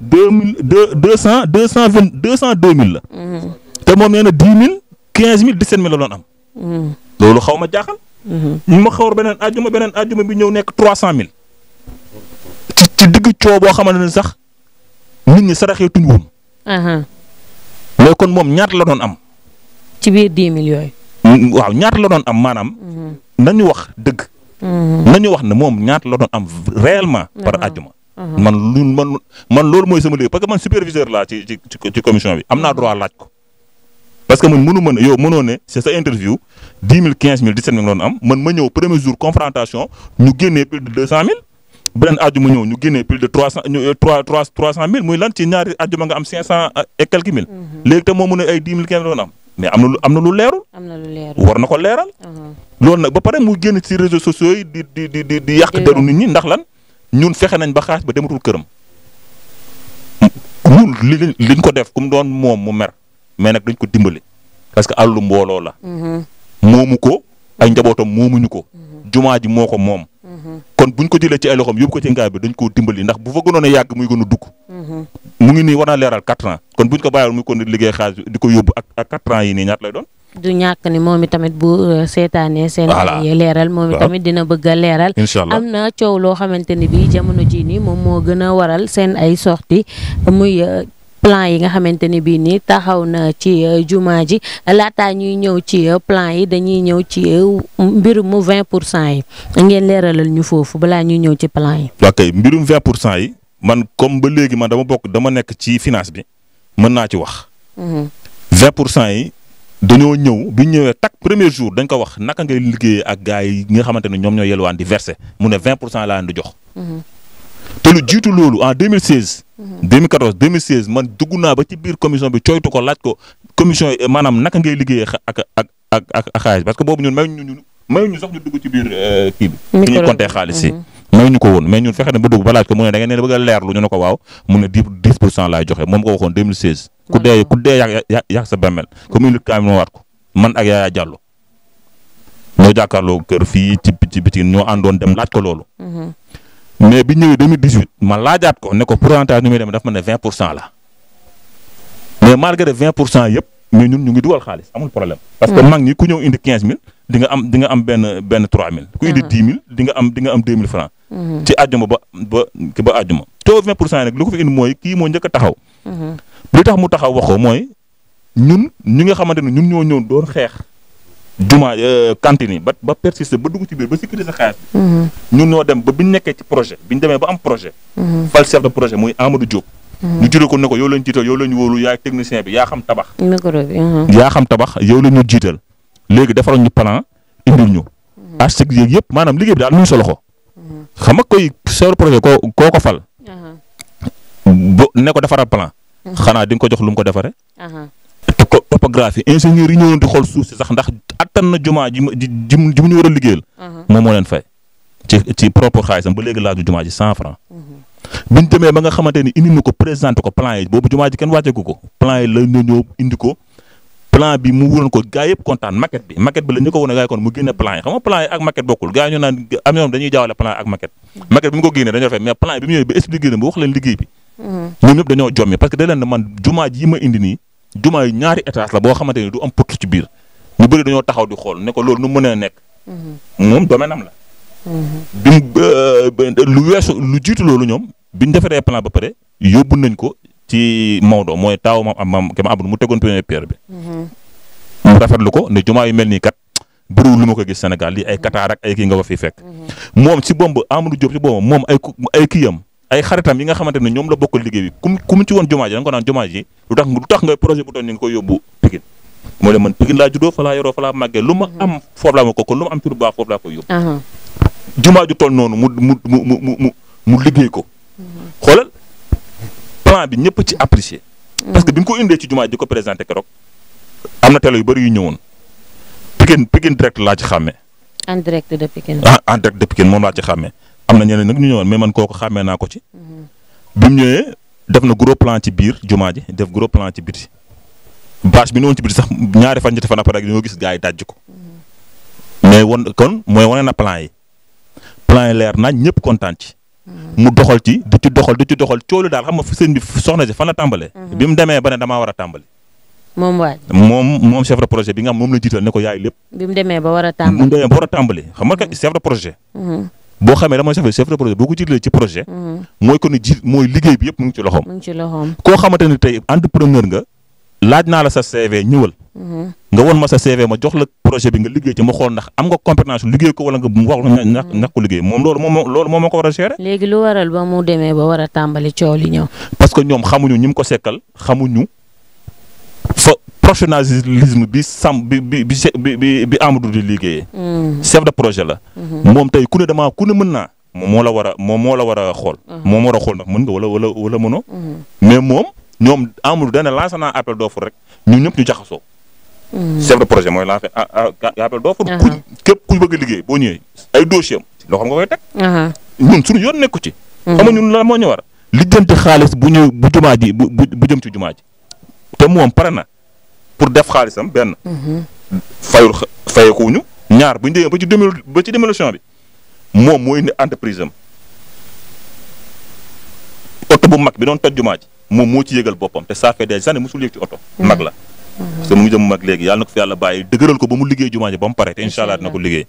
Speaker 1: deux mille deux deux cent deux cent vingt deux cent deux mille la. Mm-hmm. te moom nee na dix mille quinze mille dix sept mille la doon am.
Speaker 4: Mm-hmm. loolu xaw ma jaaxal. Mm-hmm.
Speaker 1: ñu ma xawar beneen àjjuma beneen àjjuma bi ñëw nekk trois cent mille. ci ci digg coow boo xamante ne sax nit ñi saraxee tuñ woon.
Speaker 6: Uh-huh.
Speaker 1: kon moom ñaata la doon am.
Speaker 6: ci biir dix mille yooyu.
Speaker 1: Mm, waaw ñaata la doon am maanaam. nañu wax dëgg.
Speaker 6: nañu
Speaker 1: wax na moom ñaata la doon am réellement. par uh-huh. àjjuma. man lu man man loolu mooy sama liggéey parce que man superviseur laa ci ci ci commission bi am naa mm-hmm. droit laaj ko. parce que man mënu mën yow mënoo ne c'est sa interview dix mille quinze mille dix sept mille doon am ma ñëw premier jour confrontation ñu génnee plus de deux ñëw ñu génnee plus de trois cent euh, trois trois trois cent mille muy lan ci ñaari àjjuma nga am cinq cent euh, et quelques mille. Mm-hmm. léegi te moo mën ay dix mille quinze doon am. mais am na lu am na lu leerul. war na ko leeral. Uh-huh. loolu nag ba pare mu génn ci réseaux sociaux yi di di yàq deru nit ñi ndax lan. ñun fexe nañ ba xaas ba dematul këram ñun li liñ ko def ku doon moom mu mer mais nag dañ ko dimbali parce que àllu mbooloo la. Mm-hmm. moomu ko ay njabootam moomuñu ko. Mm-hmm. jumaa ji moo ko moom. Mm-hmm. kon buñ ko jëlee ci ay yóbbu ko ci ngaay bi dañ koo dimbali ndax bu fa gënoon a yàgg muy gën a dugg. mu ngi nii war naa leeral quatre ans kon buñ ko bàyyiwoon muy kon liggéey xaalis di ko yóbbu ak ak quatre ans yi nii ñaat lay doon.
Speaker 6: du ñàkk ni moom tamit bu euh, seetaanee. seen yi leeral moom tamit dina bëgg a leeral. am na coow loo xamante ni bii jamono jii nii moom moo gën a waral seen ay sortie muy. Euh, plan yi nga xamante ni bii nii taxaw na ci euh, jumaa ji laataa ñuy ñëw ci plan yi dañuy ñëw ci mbirum 20 pour cent yi a ngeen leeralal ñu foofu balaa ñuy ñëw ci plan yi.
Speaker 1: ok mbirum 20 pour cent yi man comme ba léegi man dama bokk dama nekk ci finance bi mën naa ci wax. 20 mhm. pour yi dañoo ñëw tak premier jour dañ ko wax naka ngay ak nga mu 20 pour cent mhm. en 2016. 2014 2016 man commission bi coytu ko commission manam naka ak ak ak parce que bobu ñun ñu sax ñu ci na ba 10 2016. ku dee ku dee yàq yàq sa bàmmeel comme indi kaamil moo waat ko man ak Yaya Diallo ñoo jàkkaarloo kër fii ci ci bitim ñoo àndoon dem laaj ko loolu. Mhm. mais bi ñëwee 2018 ma laajaat ko ne ko pourcentage nu muy daf ma ne 20 pour cent la mais malgré 20 pour cent yëpp mais ñun ñu ngi dugal xaalis amul problème. parce que mhm. mag ñi ku ñëw indi 15000 di nga am di nga am benn benn 3000. ku indi 10000 mhm. di nga am di nga am 2000 francs ci àjjuma ba ba ba àjjuma. te 20 pour lu ko fi indi mooy kii moo njëkk taxaw. li tax mu taxaw wax ko mooy ñun ñi nga xamante ne ñun ñoo ñëw doon xeex juma euh, cantine yi ba ba persister ba dugg ci biir ba sécuriser sa bi mm-hmm. ñun ñoo dem ba biñ nekkee ci projet biñ demee ba am projet mm-hmm. fal chef de projet mooy Amadou Diop mm-hmm. ñu juree ko ne ko yow lañ jiital yow lañ wóolu yaay technicien bi yaa xam tabax
Speaker 6: uh-huh. yaa
Speaker 1: xam tabax yow la ñu jiital léegi defaroon ñu plan indil ñu architecte yéeg yëpp maanaam liggéey bi daal ñu solo ko xam nga koy chef de projet koo ko fal uh-huh. bu ne ko xanaa di nga ko jox lu mu ko defaree. topographie ingénieur yi ñëwoon di suuf si sax ndax attan na jumaa ji ji ji mu ñu war a liggéeyal. moom moo leen fay ci ci propre xaalisam ba léegi laaju jumaa ji cent franc. bi ñu demee ba nga xamante ni na ko présenté ko plan yi boobu jumaa ji kenn wàcceeku ko plan yi la ñu indi ko plan bi mu wuroon ko gaa yëpp kontaan maquette bi maquette bi la ko wane gaa yi kon mu génne plan yi xam plan yi ak maquette bokkul gaa yi ñu ñu ñëpp dañoo jommi parce que da leen man juma ji ma indi ni juma yi ñaari étage la bo xamanteni du am put ci biir ñu bëri dañoo taxaw di xol ne ko lool nu mëna a nekk. moom domaine am la. bi euh, lu weesu lu jitu loolu ñom biñ ñu plan ba paré yóbbu nañ ko ci mawdo moy taw ma am kema abdou mu teggon première pierre bi.
Speaker 4: mu
Speaker 1: rafetlu ko ne juma yu melni kat buru lu mako gis Sénégal li ay Qatar ak ay ki nga wa fi fekk. mom mhm. ci bombe Amadou Diop ci bombe mom ay ay kiyam ay xaritam yi nga xamante ne ñoom la bokkal liggéey bi ku ku ci woon jumaa ji nga ko naan jumaa ji lu tax lu tax nga projet bu doon ni nga koy yóbbu Pikine ko mhm. kon lu ma am ci lu uh-huh. mu mu ko mhm. xoolal plan bi ñëpp ci apprécier mhm. parce que bi ko indee ci jumaa ji ko présenté keroog am na yu bëri yu ñëwoon Pikine Pikine direct laa ci xàmmee
Speaker 6: en direct de Pikine
Speaker 1: ah en moom laa ci xàmmee am na ñeneen nag ñu ñëwoon mais man kooku xàmmee naa ko ci. bi mu ñëwee def na gros plan ci biir jumaa ji def gros plan ci biti bâche bi noonu ci biti sax ñaari fan ñetti fan après rek ñoo gis gars yi ko. mais won kon mooy wane na plan yi plan yi leer nañ ñëpp kontaan ci. mu doxal ci du ci doxal du ci doxal coolu daal xam nga bi soxna si fan la tàmbalee. Mhm. bi mu demee ba ne damaa war a tàmbali. moom moom moom de projet bi nga xam moom la jiital ne ko yaay lépp.
Speaker 6: bi mu demee ba a a
Speaker 1: boo xamee damay safee chef de boo ko jiitalee ci projet. Hmm. mooy ko ni ji mooy liggéey bi yëpp mu ngi ci loxoom. mu ngi ci loxoom koo xamante ni entrepreneur nga laaj naa la sa CV ñëwal. Hmm. nga won ma sa CV ma jox la projet bi nga liggéey ci ma xool ndax am nga compétence liggéey ko wala nga wax ndax ndax hmm. ko liggéey moom loolu moom moo ko war a gérer.
Speaker 6: léegi lu waral ba mu demee ba war a tàmbali coow li ñëw.
Speaker 1: parce que ñoom xamuñu ñi mu ko sekkal xamuñu. professionnalisme bi sam bi bi bi bi bi Amadou di liggéeyee. Mm. chef de projet la. Mm-hmm. moom tey ku ne damaa ku ne mën naa. moom moo la war a moom moo la war a xool. Mm-hmm. moom moo la xool ndax mën nga wala wala wala mënoo. Mm-hmm. mais moom ñoom Amadou dana lancé naa appel d'offre rek ñu ñëpp ñu jaxasoo. chef de projet mooy lancé ah, ah, appel d'offre. Uh-huh. ku képp ku bëgg liggéey boo ñëwee ay dossier am loo xam nga koy teg. Uh-huh. ñun suñu yoon nekku ci. xam ñun la moo ñu war a. lijjanti xaalis bu ñu bu jumaa ji bu bu jëm ci jumaa te moom pare na. pour def xaalisam benn. fayul fayekuwuñu ñaar bu ñu demee ba ci démol ba ci démolition bi moom moo indi entreprise am oto bu mag bi doon toj jumaa ji moom moo ci yëgal boppam te ça fait des années mosul yëg ci oto. Mm-hmm. mag la. parce mu ngi dem mag léegi yàlla na ko fi yàlla bàyyi dëgëral ko ba mu liggéey jumaa ji ba mu pare te incha allah dina ko liggéey.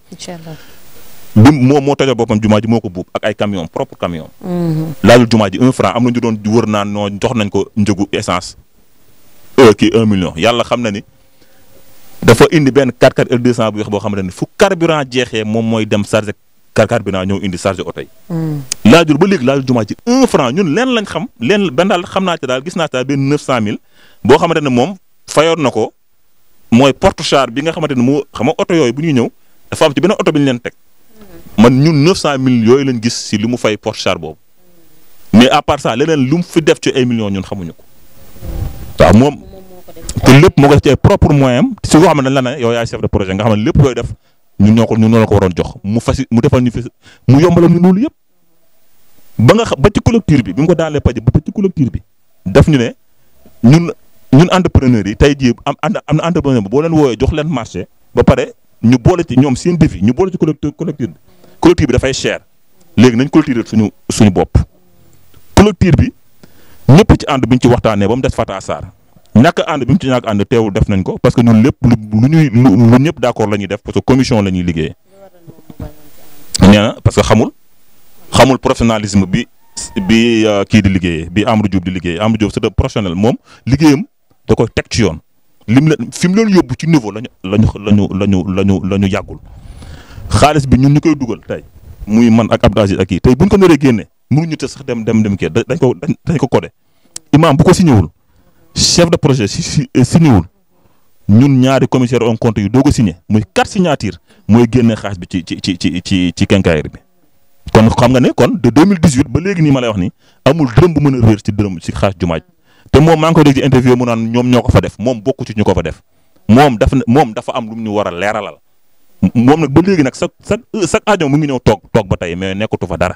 Speaker 1: bi moom moo tojal boppam jumaa ji moo ko buub ak ay camion propre camion. Mm-hmm. laajul jumaa ji un franc am na ñu doon wër noo jox nañ ko njëgu essence. kii un million yàlla xam na ni dafa indi benn 4x4 L200 bu weex boo xamante ni fu carburant jeexee moom mooy dem chargé 4x4 bi naa ba léegi laajul jumaa ci ñun leen lañ xam leen benn daal xam naa ci daal gis naa ci daal benn 900000 boo xamante ne moom fayoon na ko mooy porte bi nga xamante ne moo xam nga oto yooyu bu ñuy ñëw dafa am ci oto bi leen teg. Hmm. man ñun 900000 yooyu lañ gis si li mu fay porte char boobu mais à part ça leneen lu mu fi def ci ay million ñun xamuñu ko. waaw moom te lépp moo ko def ci ay propre moyen am ne dañ la ne yow yaay xam ne lépp looy def ñoo ko ñun ñoo ko waroon jox mu fasi mu defal ñu fi mu yombaloon ñu loolu yëpp ba nga xam ba ci collectif bi bi mu ko daalee pàcc ba ci collectif bi daf ñu ne ñun ñun entrepreneur yi tey jii am am na entrepreneur boo leen woowee jox leen marché ba pare ñu boole ci ñoom seen défi ñu boole ci collectif collectif bi collectif bi dafay cher léegi nañ collectif suñu suñu bopp collectif bi. ñëpp ci ànd bi ñu ci waxtaanee ba mu des Fata Sarr ñàkk ànd bi mu ci ñàkk ànd teewul def nañ ko parce que ñun lépp lu ñuy lu ñëpp d' accord la ñuy def parce que commission la ñuy liggéey nee parce que xamul xamul professionnalisme bi bi euh, kii di liggéeyee bi Amadou Diop di liggéeyee Amadou Diop c' est un professionnel moom liggéeyam da koy teg ci yoon lim leen fi mu leen yóbbu ci niveau lañu lañu lañu lañu lañu lañu yàggul xaalis bi ñun ñu koy dugal tey muy man ak Abdou Aziz ak kii tey buñ ko naree génne ngi mënuñu te sax dem dem dem kii dañ ko dañ ko codé imam bu ko si ñëwul chef de projet si si euh, signé wul ñun ñaari commissaire en compte doo doog a muy quatre signature mooy génne xaalis bi ci ci ci ci ci ci kenkaayir bi kon xam nga ne kon de 2018 ba léegi nii ma lay wax ni amul dërëm bu mën a réer ci dërëm ci xaalis jumaaj te moom maa ngi koy dégg ci interview mu naan ñoom ñoo ko fa def moom bokku ci ko def moom dafa moom dafa am lu mu ñu war a leeralal moom nag ba léegi nag chaque chaque chaque aajo mu ngi ñëw toog toog ba tey mais nekkatu fa dara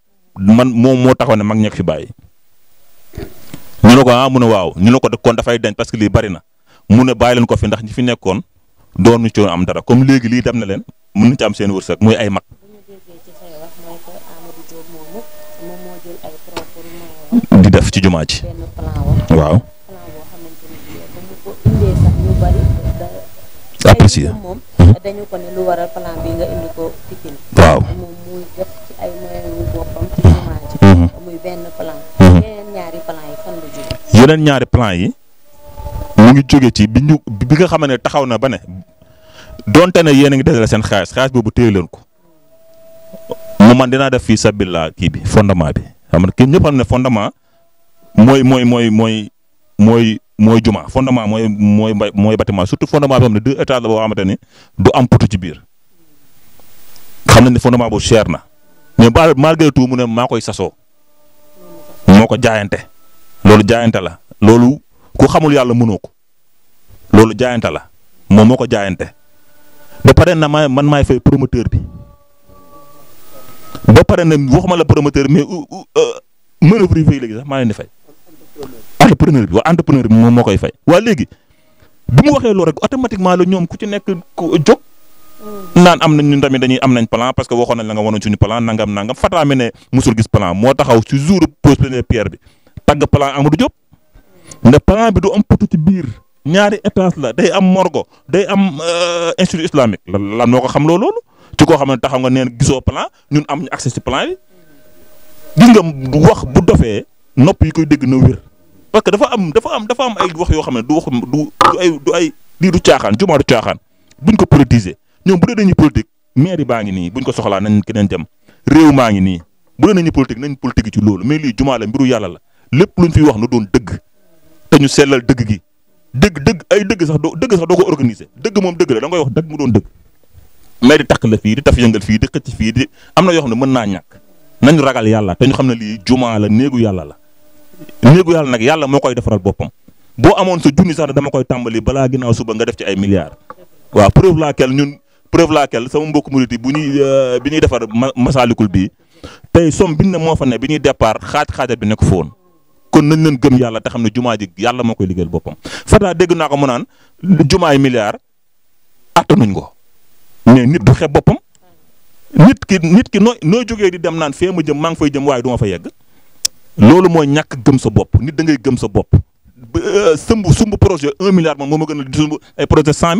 Speaker 1: man moom mo taxone mag ñek fi bàyyi ñu ne ko ah mu ne waaw ñu ne ko kon fay dañ parce que li bari na mu ne bàyyi ko fi ndax ñi fi nekkon doonu ci am dara comme li dem na len ci am seen muy ay mag. di def ci juma ci ay moyens muy benn plan. Mhm. ñaari plan yi fan la jógee. yeneen ñaari plan yi mu ngi jóge ci bi nga xam ne taxaw na ba ne donte ne yéen a ngi desal seen xaalis xaalis boobu téye leen ko mu man dinaa def fii sabila kii bi fondement bi xam nga kii ñëpp xam ne fondement mooy mooy mooy mooy mooy mooy juma fondement mooy mooy mooy bâtiment surtout fondement bi xam ne deux étages la boo xamante ni du am putu ci biir xam nañ ne fondement na mais ba tout mu ne maa koy sasoo moo ko jaayante loolu jaayante la loolu ko xamul yàlla mënoo ko loolu jaayante la moom moo ko jaayante ba pare na ma man maay fay promoteur bi ba pare na waxuma la promoteur mais euh, manœuvre yi fay léegi sax maa leen di fay entrepreneur bi waa entrepreneur bi moom moo koy fay. waa léegi bi mu waxee loolu rek automatiquement la ñoom ku ci nekk jóg naan am nañ ñun tamit dañuy am nañ plan parce que waxoon nañ la nga wanoon suñu plan nangam nangam Fatra mi ne musul gis plan moo taxaw ci jour pose première pierre bi tagg plan Amadou Diop ne plan bi du am poto ci biir ñaari étage la day am morgo day am euh, institut islamique lan lan moo ko xam loolu ci koo xam ne taxaw nga neen gisoo plan ñun am ñu accès ci plan bi gis nga wax bu dofee nopp yi koy dégg na wér parce que dafa am dafa am dafa am ay wax yoo xam ne du wax du ay du ay lii du caaxaan jumaa du caaxaan buñ ko politiser ñoom bu dee dañuy politique mairie baa ngi nii buñ ko soxlaa nañ keneen dem réew maa ngi nii bu dee nañu politique nañ politique ci loolu mais lii jumaa la mbiru yàlla la lépp luñ fi wax na doon dëgg te ñu sellal dëgg gi dëgg dëgg ay dëgg sax doo dëgg sax doo ko organiser dëgg moom dëgg la da ngay wax dëgg mu doon dëgg mais takk la fii di taf yëngal fii di xëcc fii di am na yoo xam ne mën naa ñàkk nañ ragal yàlla te ñu xam ne lii jumaa la néegu yàlla la néegu yàlla nag yàlla moo koy defaral boppam boo amoon sa sax ne dama koy tàmbali balaa ginnaaw suba nga def ci ay milliards preuve laquelle sama mbokk murit yi bu ñuy euh, bi ñuy defar masaalikul bii tey somme bi ne moo fa ne bi ñuy départ xaaja xaajal bi nekk foon kon nañ leen gëm yàlla te xam ne jumaa ji yàlla moo koy liggéeyal boppam fata dégg naa ko mu naan jumaay milliard attanuñ ko mais nit du xeeb boppam nit ki nit ki noo noo jógee di dem naan fee ma jëm maa ngi fay jëm waaye du ma fa yegg loolu mooy ñàkk gëm sa bopp nit da ngay gëm sa bopp euh, sëmb sumb projet un milliard moom moo ma gën a projet cent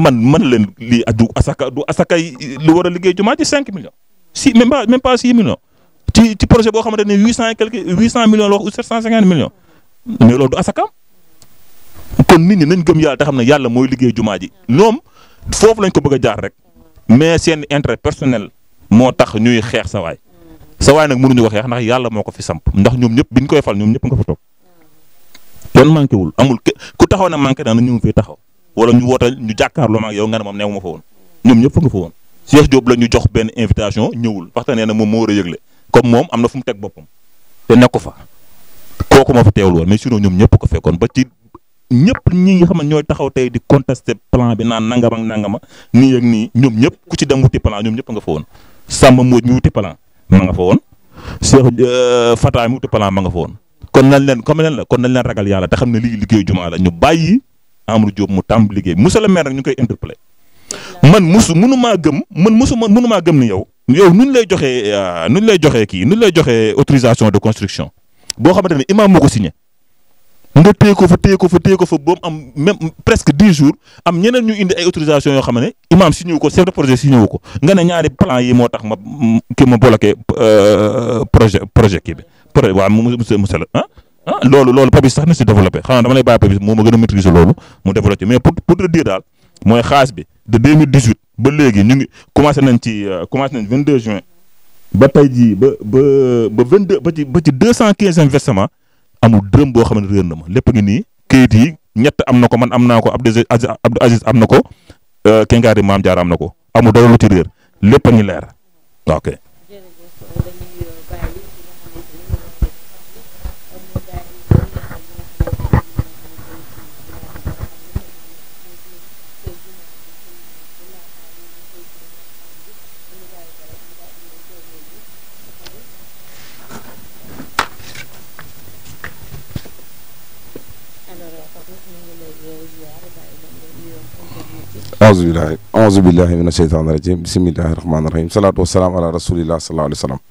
Speaker 1: mais man li leen lii du asaka du asaka lu war a liggéey jumaa ci cinq millions si même pas même pas six millions ci ci projet boo xamante ne huit cent quelque huit cent millions la wax ou sept cent cinquante mais loolu du asaka kon nit ñi nañ gëm yàlla te xam ne yàlla mooy liggéey jumaa ji ñoom foofu lañ ko bëgg jaar rek mais seen intérêt personnel moo tax ñuy xeex sa waay sa waay nag mënuñu ko xeex ndax yàlla moo ko fi samp ndax ñoom ñëpp biñ koy fal ñoom ñëpp nga fa kenn manqué amul ku taxaw na manqué na ñu ngi fi wala ñu woote ñu jàkkaarloo ma yow nga ne moom neew ma fa woon ñoom ñëpp fa nga fa woon Cheikh Diop la ñu jox benn invitation ñëwul waxta nee moom moo war a yëgle comme moom am na fu teg boppam te nekku fa kooku ma fa teewul woon mais sinon ñoom ñëpp ko fekkoon ba ci ñëpp ñi nga xam ne ñooy taxaw tey di contester plan bi naan nangam ak nangama nii ak nii ñoom ñëpp ku ci dem wuti plan ñoom ñëpp nga fa woon Samba Mbodj mi wuti plan ma nga fa woon Cheikh euh, Fata mi wuti plan ma nga fa woon kon nañ la kon nañ yàlla te xam ne lii liggéey jumaa la bàyyi Amadou Diop mu tàmb liggéey Moussa le maire nag ñu koy interpellé man musu mënumaa gëm man musu man mënumaa gëm ni yow yow nuñ lay joxé euh, nuñ lay joxé ki nuñ lay joxé autorisation de construction bo xamante imam moko signé nga téye ko fa téye ko fa téye ko fa boobu am même presque 10 jours am ñeneen ñu indi ay autorisation yo xam imam signé wu ko chef de projet signé wu ko nga ne ñaari plan yi moo tax ma ki ma bloqué euh, projet projet ki bi projet waaw monsieur monsieur hein ah loolu loolu Papis sax na si développé xanaa dama lay bàyyi Papis moo ma gën a maîtriser loolu mu développé mais pour pour te dire daal mooy xaas bi de 2018 ba léegi ñu ngi commencé nañ ci euh, commencé nañ 22 juin ba tey jii ba ba ba 22 ba ci ba ci 215e versement amul dërëm boo xam ne réer na ma lépp ngi nii kayit yi ñett am na ko man am naa ko Abdou Aziz am na ko euh, Kenkaari Maam jaar am na ko amul dara lu lépp a ngi leer
Speaker 2: auzu billahi auzu billahi mina sheytaani rajim bisimillahi rahmaani rahim salaatu wasalaam ala rasulillah sallallahu alayhi wa sallam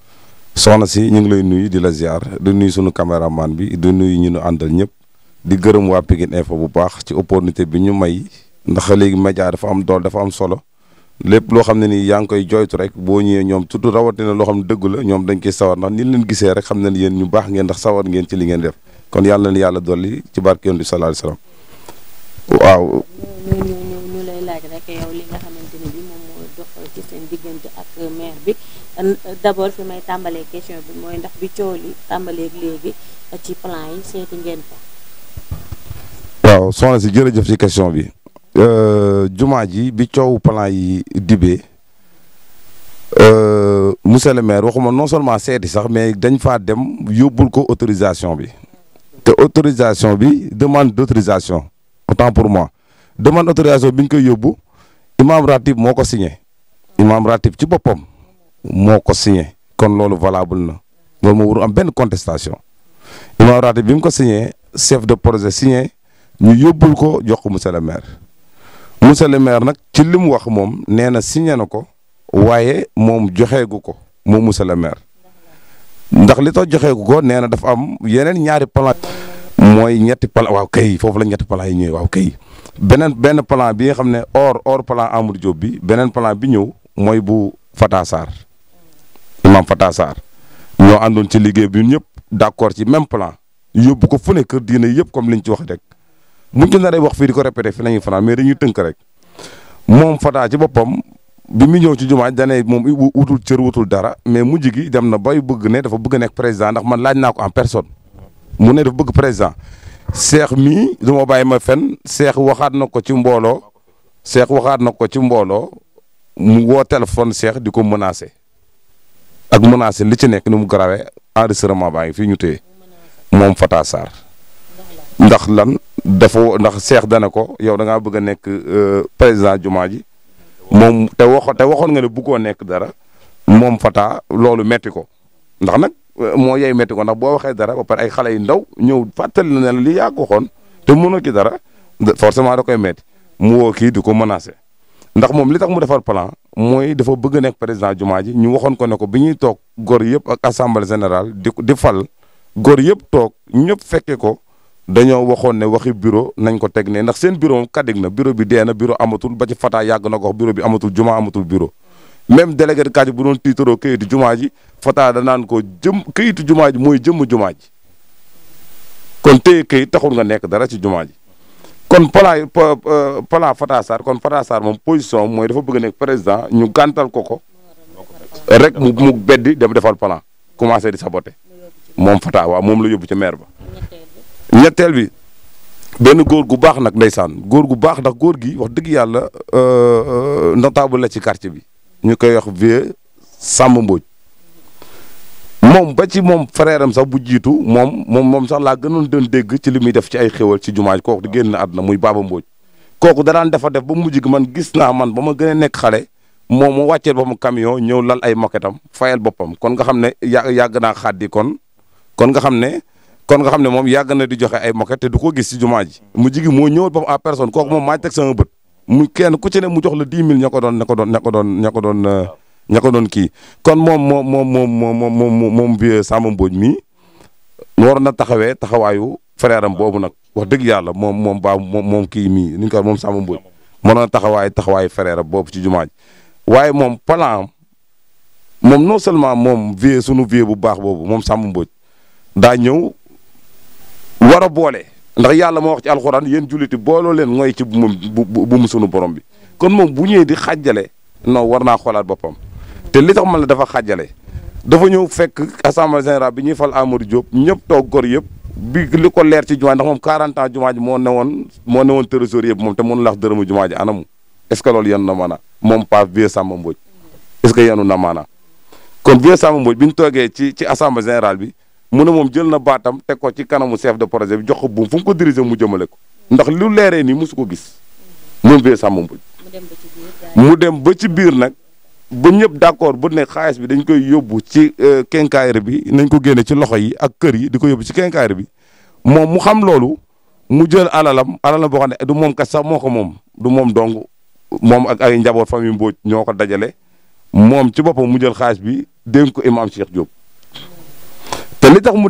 Speaker 2: soxna si ñu ngi lay nuyu di la ziar di nuyu sunu caméraman bi di nuyu ñu nu àndal ñëpp di gërëm waa Pikine Info bu baax ci opportunité bi ñu may ndax léegi média dafa am dool dafa am solo lépp loo xam ne ni yaa ngi koy jooytu rek boo ñëwee ñoom surtout rawatina loo xam ne dëgg la ñoom dañ koy sawar ndax ni leen gisee rek xam ne yéen ñu baax ngeen ndax sawar ngeen ci li ngeen def kon yàlla dolli ci barke yonent bi sallallahu alayhi wa
Speaker 6: rek yow li nga xamante bi ci seen ak maire bi euh, question plan
Speaker 2: question le maire non seulement seeti sax mais dañ dem ko autorisation bi autorisation demande d'autorisation autant pour moi demand autorisation bi ñu koy yóbbu imam ratib moo ko signé imam ratib ci boppam moo ko signé kon loolu valable na loolu moo warul am benn contestation imam ratib bi mu ko signé chef de projet signe ñu yóbbul ko jox ko monsieur le maire monsieur le maire nag ci li mu wax moom nee na signé na ko waaye moom joxeegu ko moo monsieur le maire ndax li tax joxeegu ko nee na dafa am yeneen ñaari plan mooy ñetti plan waaw kay foofu la ñetti plan yi ñëwee waw kay beneen benn plan bi nga xam ne or or plan Amadou Diop bi beneen plan bi ñëw mooy bu Fata Sarr imam Fata ñoo àndoon ci liggéey bi ñun ñëpp d'accord ci même plan yóbbu ko fu ne kër diine yëpp comme liñ ci wax rek muñ ci naree wax fii di ko répété fi nañuy mais dañuy tënk rek moom Fata ci boppam bi mu ñëw ci jumaa danee moom wutul cër wutul dara mais mujj gi dem na bay bëgg ne dafa bëgg nekk président ndax man laaj naa ko en personne mu ne dafa bëgg président seex mi du ma bàyyi ma fen seex waxaat na ko ci mbooloo seex waxaat na ko ci mbooloo mu woo téléphone seex di ko menacé ak menacé li ci nekk ni mu garaawee enregistrement baa ngi fii ñu téye moom Fata Sarr ndax lan dafa ndax seex dana ko yow da ngaa bëgg a nekk euh, président jumaa ji moom te waxo te waxoon nga ne bëggoo nekk dara moom Fata loolu metti ko ndax nag. moo yey métti ko ndax boo waxee dara ba pare ay xale yu ndaw ñëw fàttali na ne li yaa waxoon xoon te mënoo ci dara forcément da koy métti mu woo kii di ko menacé ndax moom li tax mu defar plan mooy dafa bëgg nekk président jumaa ji ñu waxoon ko ne ko bi ñuy toog góor yëpp ak assemblée générale di di fal góor yëpp toog ñëpp fekke ko dañoo waxoon ne waxi bureau nañ ko teg ne ndax seen bureau moom kaddig na bureau bi dee na bureau amatul ba ci fataa yàgg na ko wax bi amatul jumaa amatul bureau même délégué de quartier bu doon tiitaroo kayitu jumaa ji Fata da naan ko jëm kayitu jumaa ji mooy jëmm jumaa ji kon te kayit taxul nga nekk dara ci jumaa ji kon plan plan Fata Sarr kon Fata Sarr moom position mooy dafa bëgg nekk président ñu gàntal ko ko rek mu beddi dem defal plan commencé di saboté moom Fata waaw moom la yóbbu ci maire ba. ñetteel bi benn góor gu baax nag ndeysaan góor gu baax ndax góor gi wax dëgg yàlla euh, euh, notable la ci quartier bi. ñu koy yox vieux Samba Mbodj moom ba ci moom frère am sax bu jiitu moom moom moom sax laa gënoon doon dégg ci li muy def ci ay xéwal ci jumaa kook di génn àdduna muy Baba Mbodj kooku danaan defa def ba mujj gi man gis naa man ba ma gën a nekk xale moom mu wàcceel boppam camion ñëw lal ay moketam fayal boppam kon nga xam ne yà yàgg naa xaddi kon kon nga xam ne kon nga xam ne moom yàgg na di joxe ay moket te du ko gis ci jumaa ji mujj gi moo ñëwal boppam en personne kooku moom maa bët mu kenn ku ci ne mu jox la dix mille ña ko doon ña ko doon ña doon ña ko doon ña ko doon euh, kii kon moom moom moom moom moom moom moom bi euh, Samba Mbodj mii waroon na taxawee taxawaayu frère boobu nag wax dëgg yàlla moom moom baa moom moom kii mii ni ñu ko moom Samba Mbodj mënoon taxawaay taxawaayu frère am boobu ci jumaa waaye moom plan moom non seulement moom vie sunu vie bu baax boobu moom Samba Mbodj daa ñëw wara boole ndax yàlla moo wax ci alxuraan yéen julliti booloo leen mooy ci bu bu mu sunu borom bi kon moom bu ñëwee di xàjjale non war naa xoolaat boppam te li tax man la dafa xajale dafa ñëw fekk assemblée générale bi ñuy fal Amadou Diop ñëpp toog gor yëpp bi li ko leer ci jumaa ndax moom 40 ans jumaa ji moo newoon moo newoon trésorier yëpp moom te mënu lax dërëmu jumaa ji anamu est ce que loolu yenu na maana moom Pape Vieux Samba Mbodj est ce que yenu na maana kon Vieux Samba Mbodj bi ñu toogee ci ci assemblée générale bi mu ne moom jël na baatam teg ko ci kanamu chef de projet bi jox ko buum fu mu ko diriger mu jëmale ko ndax lu leeree nii mosu ko gis moom bee sàmm mbuj mu dem ba ci biir nag ba ñëpp d'accord bu ne xaalis bi dañ koy yóbbu ci kenkaayre euh, bi nañ ko génne ci loxo yi ak kër yi di ko yóbbu ci kenkaayre bi moom mu xam loolu mu jël alalam alalam boo xam ne du moom kat sax ko moom du moom dong moom ak ay njaboot famille Mbodj ñoo ko dajale moom ci boppam mu jël xaalis bi dénk ko imaam Cheikh Diop. Je li mu